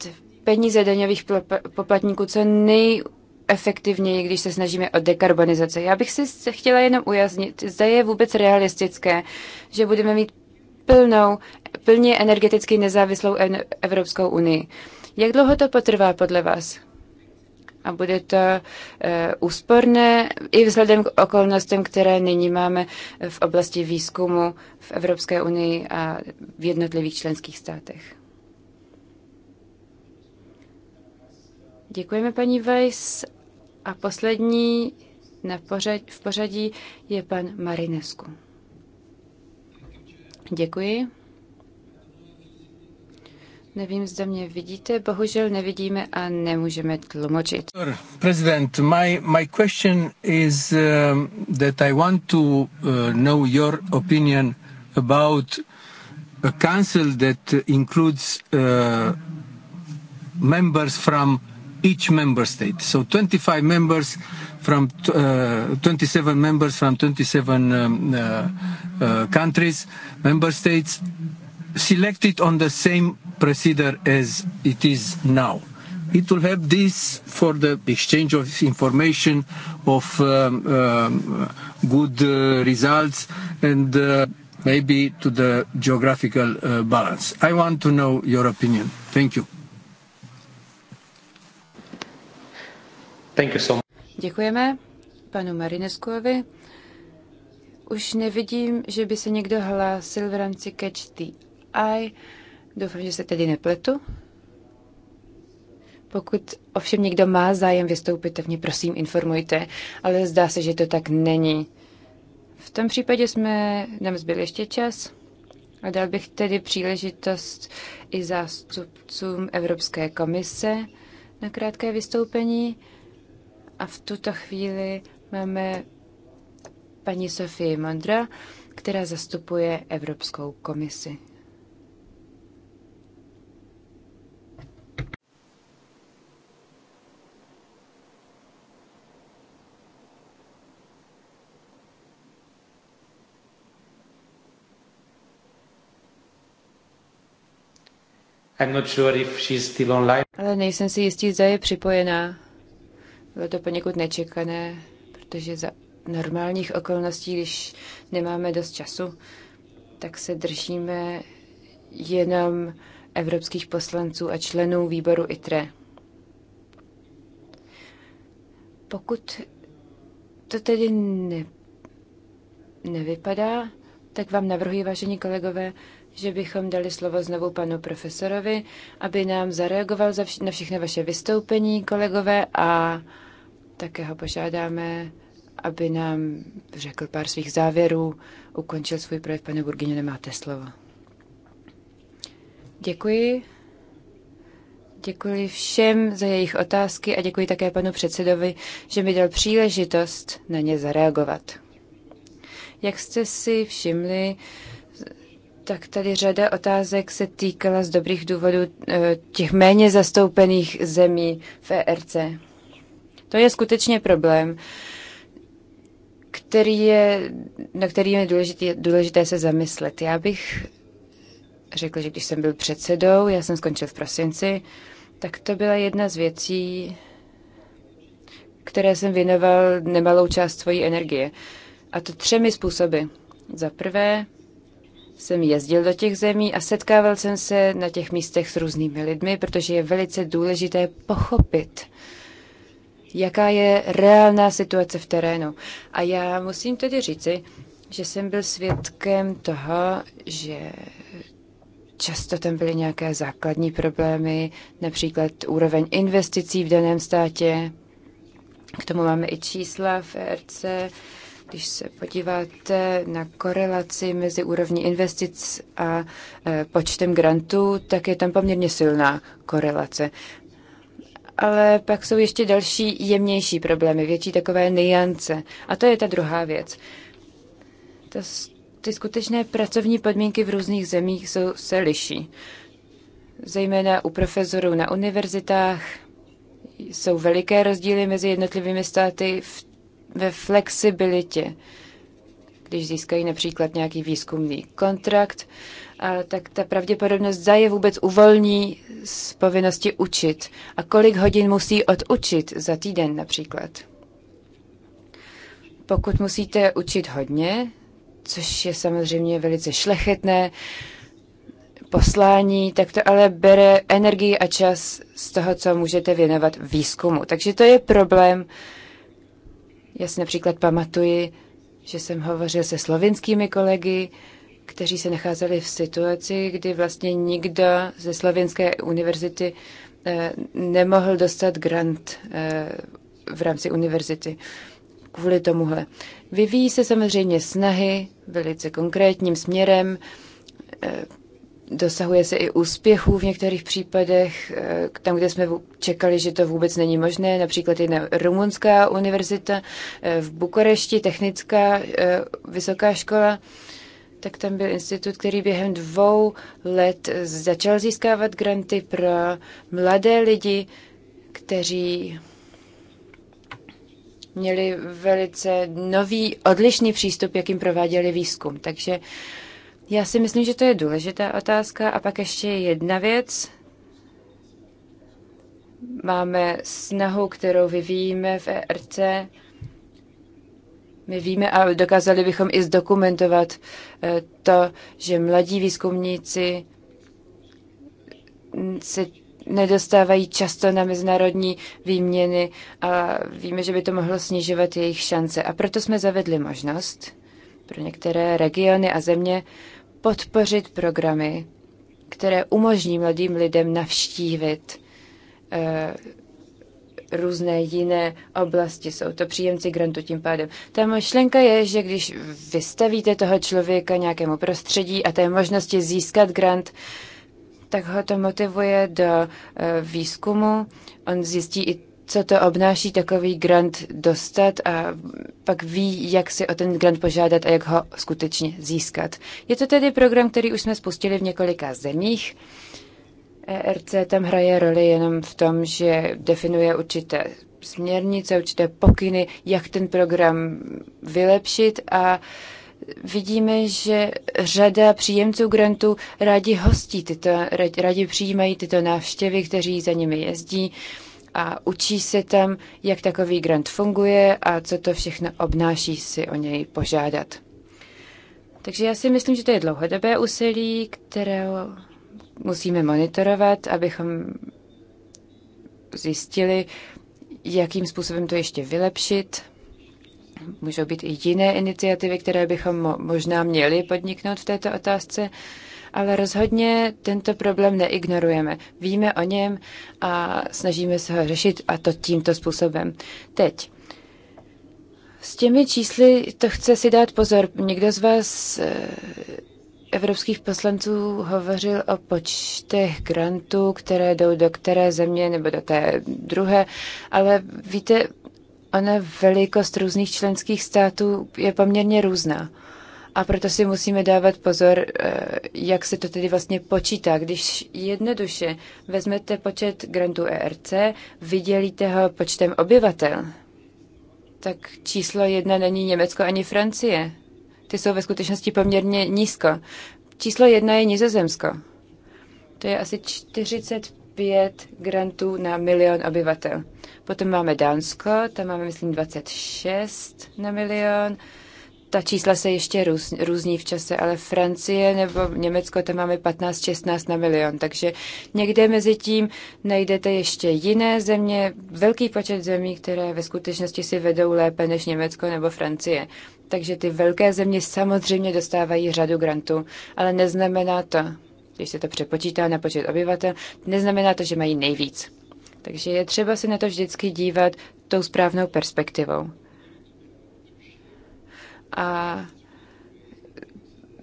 peníze daňových poplatníků co nejefektivněji, když se snažíme o dekarbonizaci. Já bych si chtěla jenom ujasnit, zda je vůbec realistické, že budeme mít plnou, plně energeticky nezávislou Evropskou unii. Jak dlouho to potrvá podle vás? A bude to eh, úsporné i vzhledem k okolnostem, které nyní máme v oblasti výzkumu v Evropské unii a v jednotlivých členských státech. Děkujeme, paní Weiss. A poslední na pořad, v pořadí je pan Marinesku. Děkuji. Nevím, zda mě vidíte, bohužel nevidíme a nemůžeme tlumočit.
President, my, my question is um, uh, that I want to uh, know your opinion about a council that includes uh, members from each member state. So 25 members from uh, 27 members from 27 um, uh, uh, countries, member states selected on the same procedure as it is now. It will help this for the exchange of information, of um, um, good uh, results, and uh, maybe to the geographical uh, balance. I want to know your opinion. Thank you. Thank you so much.
Děkujeme panu Marineskovi. Už nevidím, že by se někdo hlásil v rámci Catch the AI. Doufám, že se tedy nepletu. Pokud ovšem někdo má zájem vystoupit, tak mě prosím informujte, ale zdá se, že to tak není. V tom případě jsme, nám zbyl ještě čas a dal bych tedy příležitost i zástupcům Evropské komise na krátké vystoupení. A v tuto chvíli máme paní Sofii Mondra, která zastupuje Evropskou komisi.
I'm not sure if she's still online.
Ale nejsem si jistý, zda je připojená. Bylo to poněkud nečekané, protože za normálních okolností, když nemáme dost času, tak se držíme jenom evropských poslanců a členů výboru ITRE. Pokud to tedy ne, nevypadá, tak vám navrhuji, vážení kolegové, že bychom dali slovo znovu panu profesorovi, aby nám zareagoval za na všechny vaše vystoupení, kolegové, a také ho požádáme, aby nám řekl pár svých závěrů, ukončil svůj projev. Pane Burgině, nemáte slovo. Děkuji. Děkuji všem za jejich otázky a děkuji také panu předsedovi, že mi dal příležitost na ně zareagovat. Jak jste si všimli, tak tady řada otázek se týkala z dobrých důvodů eh, těch méně zastoupených zemí v ERC. To je skutečně problém, který je, na který je důležité, důležité se zamyslet. Já bych řekl, že když jsem byl předsedou, já jsem skončil v prosinci, tak to byla jedna z věcí, které jsem věnoval nemalou část svojí energie. A to třemi způsoby. Za prvé, jsem jezdil do těch zemí a setkával jsem se na těch místech s různými lidmi, protože je velice důležité pochopit, jaká je reálná situace v terénu. A já musím tedy říci, že jsem byl svědkem toho, že často tam byly nějaké základní problémy, například úroveň investicí v daném státě. K tomu máme i čísla v ERC když se podíváte na korelaci mezi úrovní investic a e, počtem grantů, tak je tam poměrně silná korelace. Ale pak jsou ještě další jemnější problémy, větší takové niance. A to je ta druhá věc. To, ty skutečné pracovní podmínky v různých zemích jsou, se liší. Zejména u profesorů na univerzitách jsou veliké rozdíly mezi jednotlivými státy v ve flexibilitě, když získají například nějaký výzkumný kontrakt, a tak ta pravděpodobnost, za je vůbec uvolní z povinnosti učit a kolik hodin musí odučit za týden například. Pokud musíte učit hodně, což je samozřejmě velice šlechetné poslání, tak to ale bere energii a čas z toho, co můžete věnovat výzkumu. Takže to je problém, já si například pamatuji, že jsem hovořil se slovinskými kolegy, kteří se nacházeli v situaci, kdy vlastně nikdo ze slovinské univerzity eh, nemohl dostat grant eh, v rámci univerzity kvůli tomuhle. Vyvíjí se samozřejmě snahy velice konkrétním směrem, eh, Dosahuje se i úspěchů v některých případech, eh, tam, kde jsme čekali, že to vůbec není možné. Například jedna rumunská univerzita eh, v Bukurešti, technická eh, vysoká škola, tak tam byl institut, který během dvou let začal získávat granty pro mladé lidi, kteří měli velice nový, odlišný přístup, jakým prováděli výzkum. Takže uh, já si myslím, že to je důležitá otázka. A pak ještě jedna věc. Máme snahu, kterou vyvíjíme v ERC. My víme a dokázali bychom i zdokumentovat eh, to, že mladí výzkumníci se nedostávají často na mezinárodní výměny a víme, že by to mohlo snižovat jejich šance. A proto jsme zavedli možnost pro některé regiony a země, podpořit programy, které umožní mladým lidem navštívit eh, různé jiné oblasti. Jsou to příjemci grantu tím pádem. Ta myšlenka je, že když vystavíte toho člověka nějakému prostředí a té možnosti získat grant, tak ho to motivuje do eh, výzkumu. On zjistí i co to obnáší takový grant dostat a pak ví, jak si o ten grant požádat a jak ho skutečně získat. Je to tedy program, který už jsme spustili v několika zemích. ERC tam hraje roli jenom v tom, že definuje určité směrnice, určité pokyny, jak ten program vylepšit a vidíme, že řada příjemců grantů rádi hostí tyto, rádi přijímají tyto návštěvy, kteří za nimi jezdí. Uh, a učí se tam, jak takový grant funguje a co to všechno obnáší si o něj požádat. Takže já si myslím, že to je dlouhodobé úsilí, které musíme monitorovat, abychom zjistili, jakým způsobem to ještě vylepšit. Můžou být i jiné iniciativy, které bychom možná měli podniknout v této otázce ale rozhodně tento problém neignorujeme. Víme o něm a snažíme se ho řešit a to tímto způsobem. Teď. S těmi čísly to chce si dát pozor. Někdo z vás eh, evropských poslanců hovořil o počtech grantů, které jdou do které země nebo do té druhé, ale víte, ona velikost různých členských států je poměrně různá. A proto si musíme dávat pozor, eh, jak se to tedy vlastně počítá. Když jednoduše vezmete počet grantů ERC, vydělíte ho počtem obyvatel, tak číslo jedna není Německo ani Francie. Ty jsou ve skutečnosti poměrně nízko. Číslo jedna je Nizozemsko. To je asi 45 grantů na milion obyvatel. Potom máme Dánsko, tam máme, myslím, 26 na milion ta čísla se ještě růz, různí v čase, ale Francie nebo Německo, tam máme 15-16 na milion, takže někde mezi tím najdete ještě jiné země, velký počet zemí, které ve skutečnosti si vedou lépe než Německo nebo Francie. Takže ty velké země samozřejmě dostávají řadu grantů, ale neznamená to, když se to přepočítá na počet obyvatel, neznamená to, že mají nejvíc. Takže je třeba se na to vždycky dívat tou správnou perspektivou a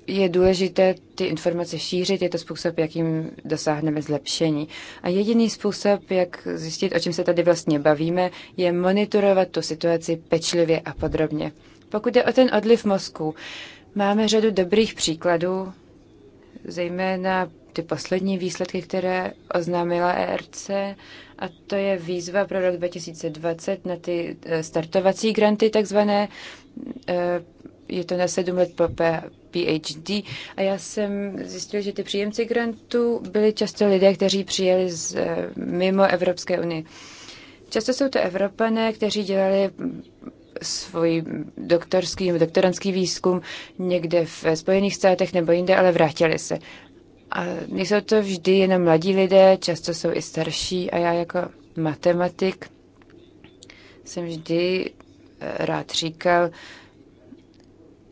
je důležité ty informace šířit, je to způsob, jakým dosáhneme zlepšení. A jediný způsob, jak zjistit, o čem se tady vlastně bavíme, je monitorovat tu situaci pečlivě a podrobně. Pokud je o ten odliv mozku, máme řadu dobrých příkladů, zejména ty poslední výsledky, které oznámila ERC, a to je výzva pro rok 2020 na ty eh, startovací granty takzvané eh, je to na sedm let po PhD a já jsem zjistil, že ty příjemci grantů byli často lidé, kteří přijeli z, eh, mimo Evropské unie. Často jsou to Evropané, kteří dělali svůj doktorský nebo doktorantský výzkum někde v Spojených státech nebo jinde, ale vrátili se. A nejsou to vždy jenom mladí lidé, často jsou i starší a já jako matematik jsem vždy eh, rád říkal,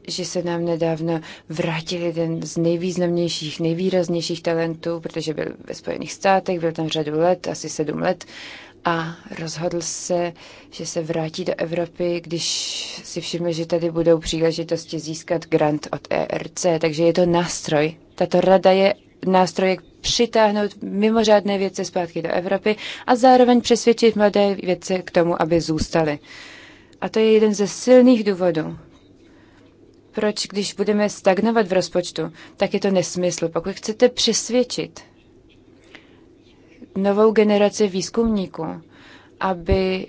že se nám nedávno vrátil jeden z nejvýznamnějších, nejvýraznějších talentů, protože byl ve Spojených státech, byl tam řadu let, asi sedm let, a rozhodl se, že se vrátí do Evropy, když si všiml, že tady budou příležitosti získat grant od ERC. Takže je to nástroj. Tato rada je nástroj, jak přitáhnout mimořádné vědce zpátky do Evropy a zároveň přesvědčit mladé vědce k tomu, aby zůstali. A to je jeden ze silných důvodů, proč když budeme stagnovat v rozpočtu, tak je to nesmysl. Pokud chcete přesvědčit novou generaci výzkumníků, aby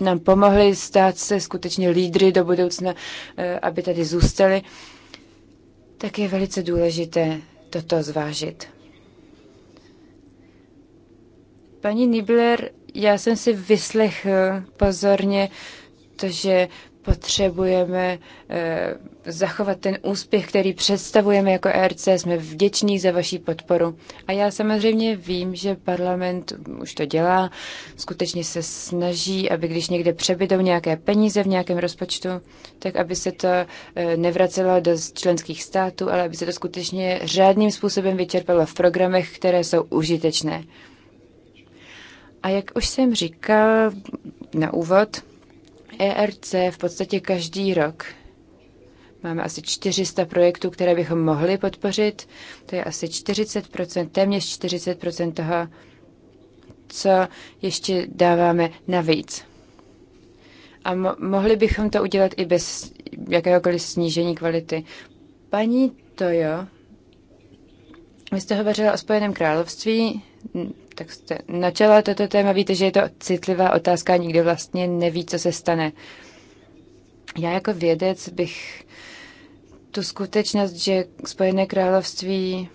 nám pomohli stát se skutečně lídry do budoucna, eh, aby tady zůstali, tak je velice důležité toto zvážit. Paní Nibler, já jsem si vyslechl pozorně to, že potřebujeme eh, zachovat ten úspěch, který představujeme jako ERC. Jsme vděční za vaši podporu. A já samozřejmě vím, že parlament už to dělá, skutečně se snaží, aby když někde přebydou nějaké peníze v nějakém rozpočtu, tak aby se to eh, nevracelo do členských států, ale aby se to skutečně řádným způsobem vyčerpalo v programech, které jsou užitečné. A jak už jsem říkal na úvod, ERC v podstatě každý rok. Máme asi 400 projektů, které bychom mohli podpořit. To je asi 40%, téměř 40% toho, co ještě dáváme navíc. A mo- mohli bychom to udělat i bez jakéhokoliv snížení kvality. Paní Tojo, vy jste hovořila o Spojeném království, tak jste načala toto téma, víte, že je to citlivá otázka, nikdo vlastně neví, co se stane. Já jako vědec bych tu skutečnost, že Spojené království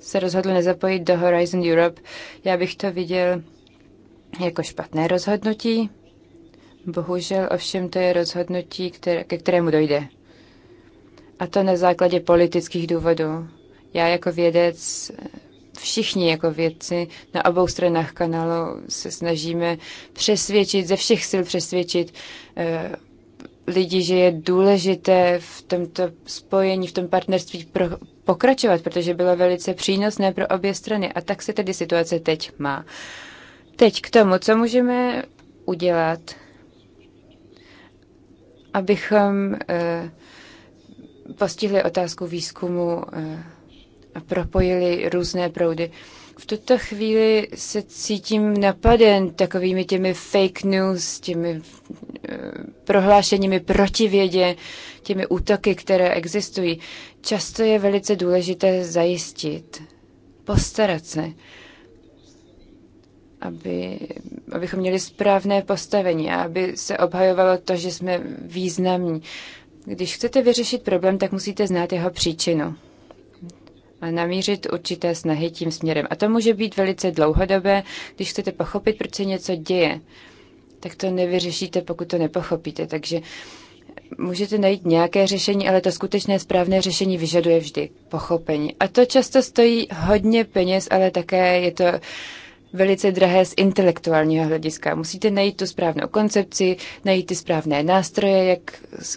se rozhodlo nezapojit do Horizon Europe, já bych to viděl jako špatné rozhodnutí. Bohužel ovšem to je rozhodnutí, které, ke kterému dojde. A to na základě politických důvodů. Já jako vědec všichni jako vědci na obou stranách kanálu se snažíme přesvědčit, ze všech sil přesvědčit eh, lidi, že je důležité v tomto spojení, v tom partnerství pro, pokračovat, protože bylo velice přínosné pro obě strany. A tak se tedy situace teď má. Teď k tomu, co můžeme udělat, abychom eh, postihli otázku výzkumu eh, propojili různé proudy. V tuto chvíli se cítím napaden takovými těmi fake news, těmi eh, prohlášeními proti vědě, těmi útoky, které existují. Často je velice důležité zajistit, postarat se, aby, abychom měli správné postavení a aby se obhajovalo to, že jsme významní. Když chcete vyřešit problém, tak musíte znát jeho příčinu namířit určité snahy tím směrem. A to může být velice dlouhodobé, když chcete pochopit, proč se něco děje, tak to nevyřešíte, pokud to nepochopíte. Takže můžete najít nějaké řešení, ale to skutečné správné řešení vyžaduje vždy pochopení. A to často stojí hodně peněz, ale také je to velice drahé z intelektuálního hlediska. Musíte najít tu správnou koncepci, najít ty správné nástroje, jak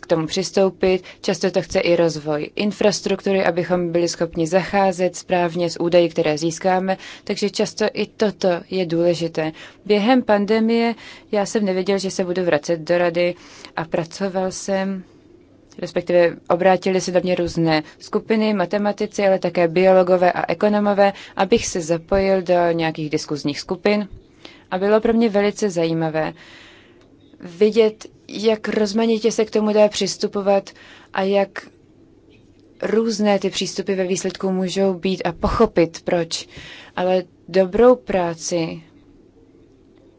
k tomu přistoupit. Často to chce i rozvoj infrastruktury, abychom byli schopni zacházet správně s údaji, které získáme. Takže často i toto je důležité. Během pandemie já jsem nevěděl, že se budu vracet do rady a pracoval jsem respektive obrátili se do mě různé skupiny, matematici, ale také biologové a ekonomové, abych se zapojil do nějakých diskuzních skupin. A bylo pro mě velice zajímavé vidět, jak rozmanitě se k tomu dá přistupovat a jak různé ty přístupy ve výsledku můžou být a pochopit proč. Ale dobrou práci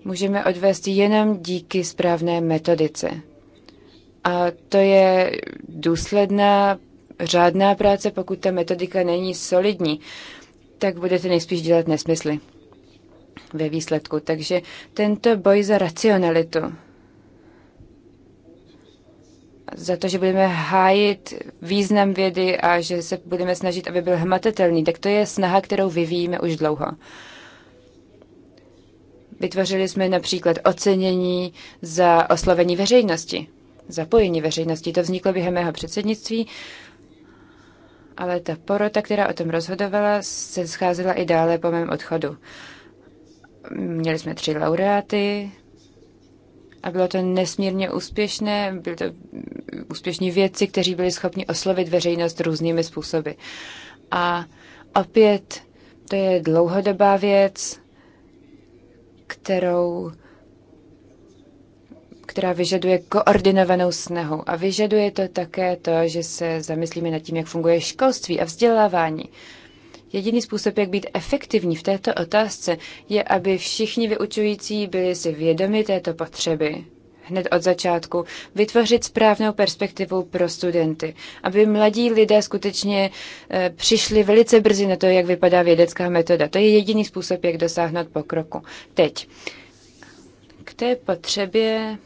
můžeme odvést jenom díky správné metodice. A to je důsledná, řádná práce, pokud ta metodika není solidní, tak budete nejspíš dělat nesmysly ve výsledku. Takže tento boj za racionalitu, za to, že budeme hájit význam vědy a že se budeme snažit, aby byl hmatatelný, tak to je snaha, kterou vyvíjíme už dlouho. Vytvořili jsme například ocenění za oslovení veřejnosti zapojení veřejnosti. To vzniklo během mého předsednictví, ale ta porota, která o tom rozhodovala, se scházela i dále po mém odchodu. Měli jsme tři laureáty a bylo to nesmírně úspěšné. Byli to úspěšní vědci, kteří byli schopni oslovit veřejnost různými způsoby. A opět to je dlouhodobá věc, kterou která vyžaduje koordinovanou snahu a vyžaduje to také to, že se zamyslíme nad tím, jak funguje školství a vzdělávání. Jediný způsob, jak být efektivní v této otázce, je, aby všichni vyučující byli si vědomi této potřeby. Hned od začátku vytvořit správnou perspektivu pro studenty, aby mladí lidé skutečně eh, přišli velice brzy na to, jak vypadá vědecká metoda. To je jediný způsob, jak dosáhnout pokroku. Teď k té potřebě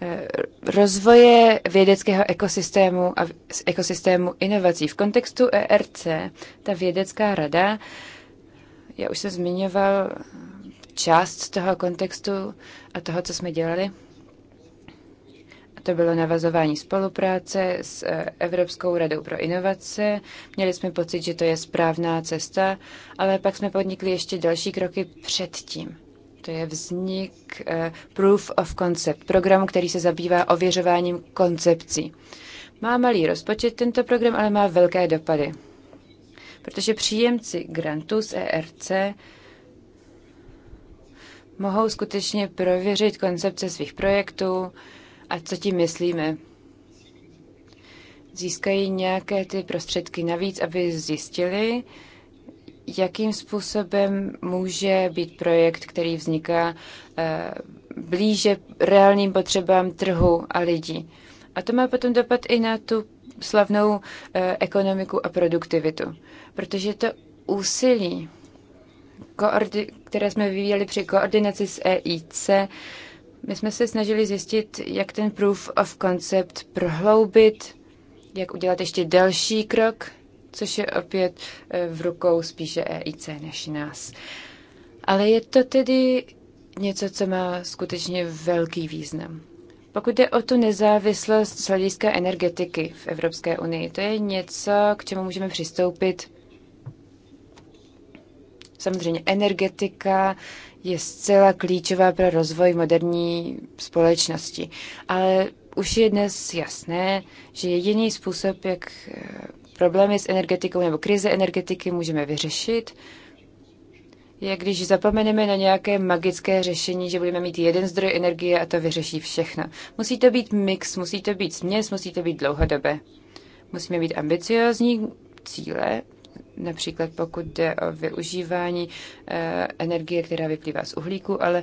Eh, rozvoje vědeckého ekosystému a ekosystému inovací. V kontextu ERC ta vědecká rada, já už jsem zmiňoval část toho kontextu a toho, co jsme dělali, to bylo navazování spolupráce s eh, Evropskou radou pro inovace. Měli jsme pocit, že to je správná cesta, ale pak jsme podnikli ještě další kroky předtím to je vznik eh, Proof of Concept, programu, který se zabývá ověřováním koncepcí. Má malý rozpočet tento program, ale má velké dopady, protože příjemci grantů z ERC mohou skutečně prověřit koncepce svých projektů a co tím myslíme. Získají nějaké ty prostředky navíc, aby zjistili, jakým způsobem může být projekt, který vzniká eh, blíže reálným potřebám trhu a lidí. A to má potom dopad i na tu slavnou eh, ekonomiku a produktivitu, protože to úsilí, které jsme vyvíjeli při koordinaci s EIC, my jsme se snažili zjistit, jak ten proof of concept prohloubit, jak udělat ještě další krok což je opět eh, v rukou spíše EIC než nás. Ale je to tedy něco, co má skutečně velký význam. Pokud jde o tu nezávislost z hlediska energetiky v Evropské unii, to je něco, k čemu můžeme přistoupit. Samozřejmě energetika je zcela klíčová pro rozvoj moderní společnosti, ale už je dnes jasné, že jediný způsob, jak eh, problémy s energetikou nebo krize energetiky můžeme vyřešit, je, když zapomeneme na nějaké magické řešení, že budeme mít jeden zdroj energie a to vyřeší všechno. Musí to být mix, musí to být směs, musí to být dlouhodobé. Musíme být ambiciozní cíle, například pokud jde o využívání eh, energie, která vyplývá z uhlíku, ale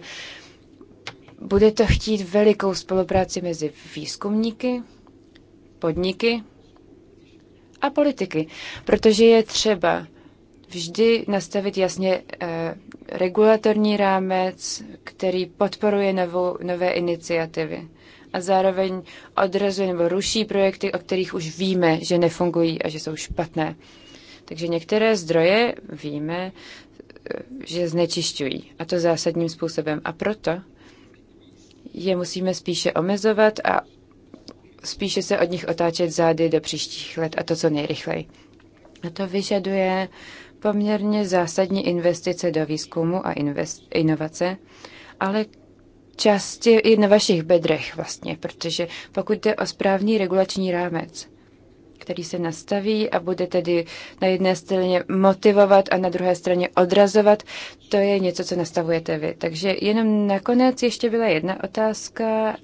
bude to chtít velikou spolupráci mezi výzkumníky, podniky, a politiky, protože je třeba vždy nastavit jasně eh, regulatorní rámec, který podporuje novou, nové iniciativy a zároveň odrazuje nebo ruší projekty, o kterých už víme, že nefungují a že jsou špatné. Takže některé zdroje víme, eh, že znečišťují a to zásadním způsobem. A proto je musíme spíše omezovat a spíše se od nich otáčet zády do příštích let a to co nejrychleji. A to vyžaduje poměrně zásadní investice do výzkumu a invest, inovace, ale části i na vašich bedrech vlastně, protože pokud jde o správný regulační rámec, který se nastaví a bude tedy na jedné straně motivovat a na druhé straně odrazovat, to je něco, co nastavujete vy. Takže jenom nakonec ještě byla jedna otázka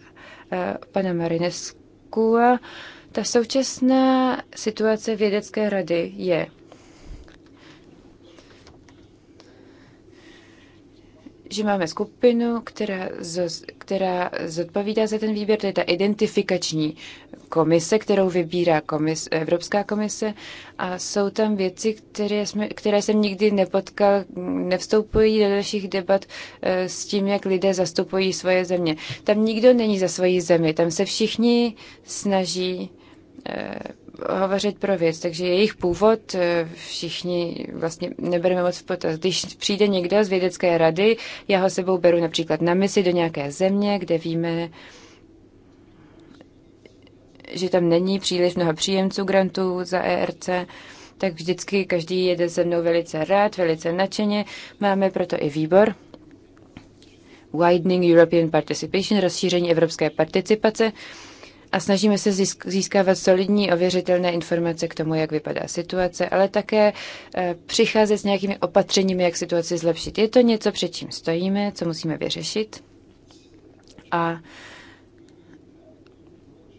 eh, pana Marinesku roku. Ta současná situace vědecké rady je že máme skupinu, která, z, která zodpovídá za ten výběr, to je ta identifikační komise, kterou vybírá komis, Evropská komise a jsou tam věci, které, jsme, které jsem nikdy nepotkal, nevstoupují do dalších debat eh, s tím, jak lidé zastupují svoje země. Tam nikdo není za svoji zemi, tam se všichni snaží eh, hovořit pro věc, takže jejich původ eh, všichni vlastně nebereme moc v potaz. Když přijde někdo z vědecké rady, já ho sebou beru například na misi do nějaké země, kde víme, že tam není příliš mnoho příjemců grantů za ERC, tak vždycky každý jede se mnou velice rád, velice nadšeně. Máme proto i výbor, Widening European Participation, rozšíření evropské participace, a snažíme se získávat solidní, ověřitelné informace k tomu, jak vypadá situace, ale také eh, přicházet s nějakými opatřeními, jak situaci zlepšit. Je to něco, před čím stojíme, co musíme vyřešit a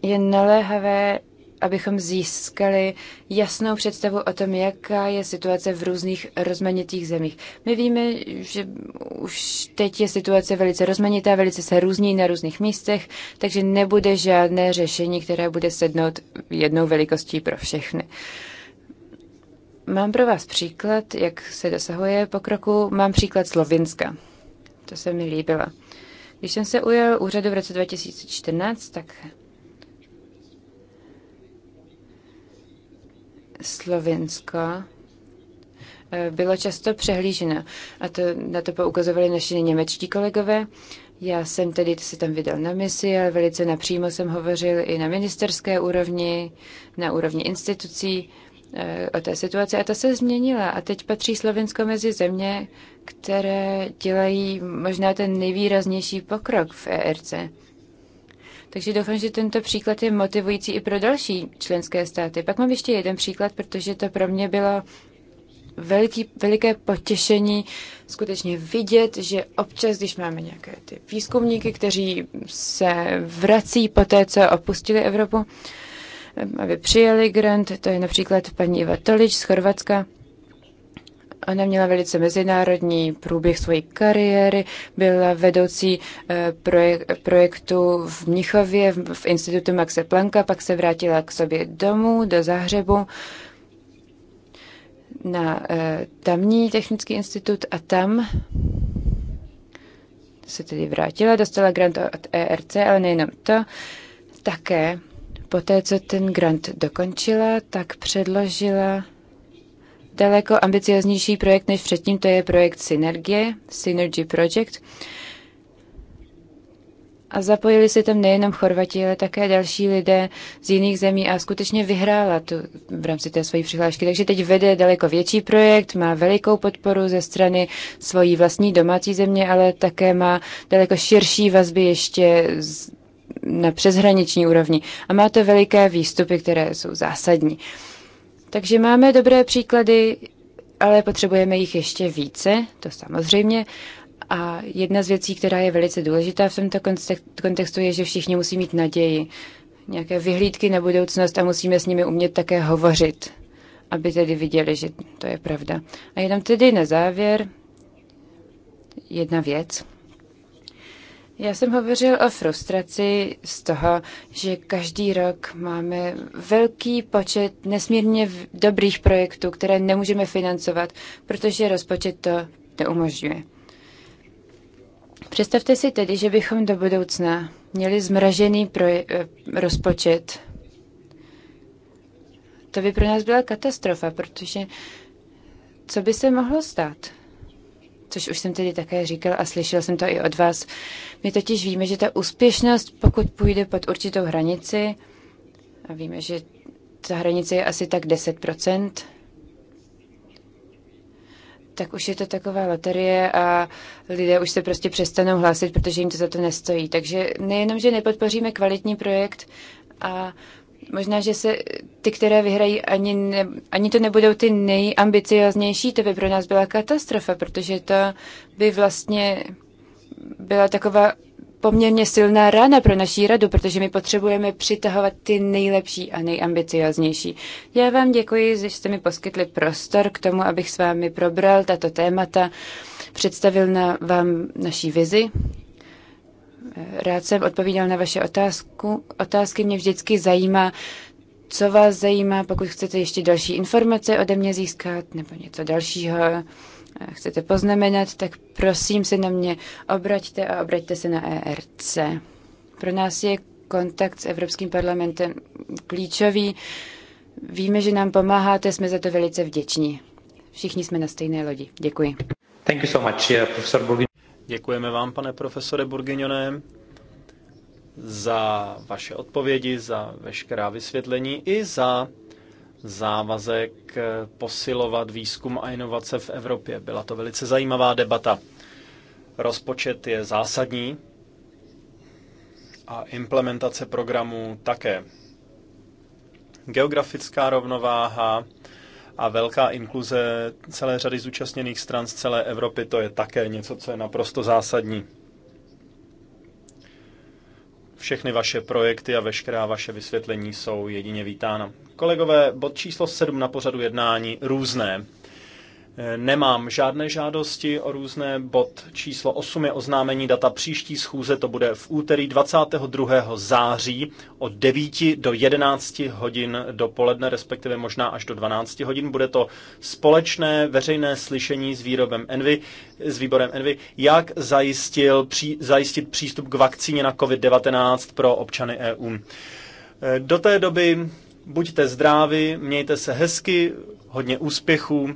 je naléhavé abychom získali jasnou představu o tom, jaká je situace v různých rozmanitých zemích. My víme, že už teď je situace velice rozmanitá, velice se různí na různých místech, takže nebude žádné řešení, které bude sednout jednou velikostí pro všechny. Mám pro vás příklad, jak se dosahuje pokroku. Mám příklad Slovinska. To se mi líbilo. Když jsem se ujel úřadu v roce 2014, tak Slovenska eh, bylo často přehlíženo. A to, na to poukazovali naši němečtí kolegové. Já jsem tedy se tam vydal na misi, ale velice napřímo jsem hovořil i na ministerské úrovni, na úrovni institucí eh, o té situaci. A ta se změnila. A teď patří Slovensko mezi země, které dělají možná ten nejvýraznější pokrok v ERC. Takže doufám, že tento příklad je motivující i pro další členské státy. Pak mám ještě jeden příklad, protože to pro mě bylo veliký, veliké potěšení skutečně vidět, že občas, když máme nějaké ty výzkumníky, kteří se vrací po té, co opustili Evropu, aby přijeli grant, to je například paní Iva Tolič z Chorvatska, Ona měla velice mezinárodní průběh své kariéry, byla vedoucí eh, projek- projektu v Mnichově v institutu Maxe Planka, pak se vrátila k sobě domů do Zahřebu, na eh, tamní technický institut a tam se tedy vrátila, dostala grant od ERC, ale nejenom to, také poté, co ten grant dokončila, tak předložila daleko ambicioznější projekt než předtím, to je projekt Synergie, Synergy Project. A zapojili se tam nejenom Chorvati, ale také další lidé z jiných zemí a skutečně vyhrála tu, v rámci té své přihlášky. Takže teď vede daleko větší projekt, má velikou podporu ze strany svojí vlastní domácí země, ale také má daleko širší vazby ještě z, na přeshraniční úrovni. A má to veliké výstupy, které jsou zásadní. Takže máme dobré příklady, ale potřebujeme jich ještě více, to samozřejmě. A jedna z věcí, která je velice důležitá v tomto kontextu, je, že všichni musí mít naději, nějaké vyhlídky na budoucnost a musíme s nimi umět také hovořit, aby tedy viděli, že to je pravda. A jenom tedy na závěr jedna věc. Já jsem hovořil o frustraci z toho, že každý rok máme velký počet nesmírně dobrých projektů, které nemůžeme financovat, protože rozpočet to neumožňuje. Představte si tedy, že bychom do budoucna měli zmražený proje- eh, rozpočet. To by pro nás byla katastrofa, protože co by se mohlo stát? což už jsem tedy také říkal a slyšel jsem to i od vás. My totiž víme, že ta úspěšnost, pokud půjde pod určitou hranici, a víme, že ta hranice je asi tak 10%, tak už je to taková loterie a lidé už se prostě přestanou hlásit, protože jim to za to nestojí. Takže nejenom, že nepodpoříme kvalitní projekt a Možná, že se ty, které vyhrají, ani, ne, ani to nebudou ty nejambicioznější, to by pro nás byla katastrofa, protože to by vlastně byla taková poměrně silná rána pro naší radu, protože my potřebujeme přitahovat ty nejlepší a nejambicioznější. Já vám děkuji, že jste mi poskytli prostor k tomu, abych s vámi probral tato témata, představil na vám naší vizi rád jsem odpovídal na vaše otázku. otázky. Mě vždycky zajímá, co vás zajímá, pokud chcete ještě další informace ode mě získat nebo něco dalšího eh, chcete poznamenat, tak prosím se na mě obraťte a obraťte se na ERC. Pro nás je kontakt s Evropským parlamentem klíčový. Víme, že nám pomáháte, jsme za to velice vděční. Všichni jsme na stejné lodi. Děkuji. Thank
you so much, eh,
Děkujeme vám, pane profesore Burgiňoné, za vaše odpovědi, za veškerá vysvětlení i za závazek posilovat výzkum a inovace v Evropě. Byla to velice zajímavá debata. Rozpočet je zásadní a implementace programů také. Geografická rovnováha a velká inkluze celé řady zúčastněných stran z celé Evropy, to je také něco, co je naprosto zásadní. Všechny vaše projekty a veškerá vaše vysvětlení jsou jedině vítána. Kolegové, bod číslo 7 na pořadu jednání různé. Nemám žádné žádosti o různé. Bod číslo 8 je oznámení data příští schůze, to bude v úterý 22. září od 9 do 11 hodin dopoledne, respektive možná až do 12 hodin. Bude to společné veřejné slyšení s, výrobem Envy, s výborem Envy, jak zajistil, při, zajistit přístup k vakcíně na COVID-19 pro občany EU. Do té doby buďte zdraví, mějte se hezky, hodně úspěchů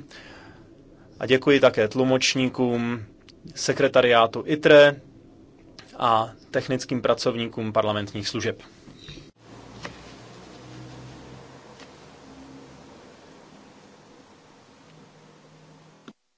a děkuji také tlumočníkům, sekretariátu ITRE a technickým pracovníkům parlamentních služeb.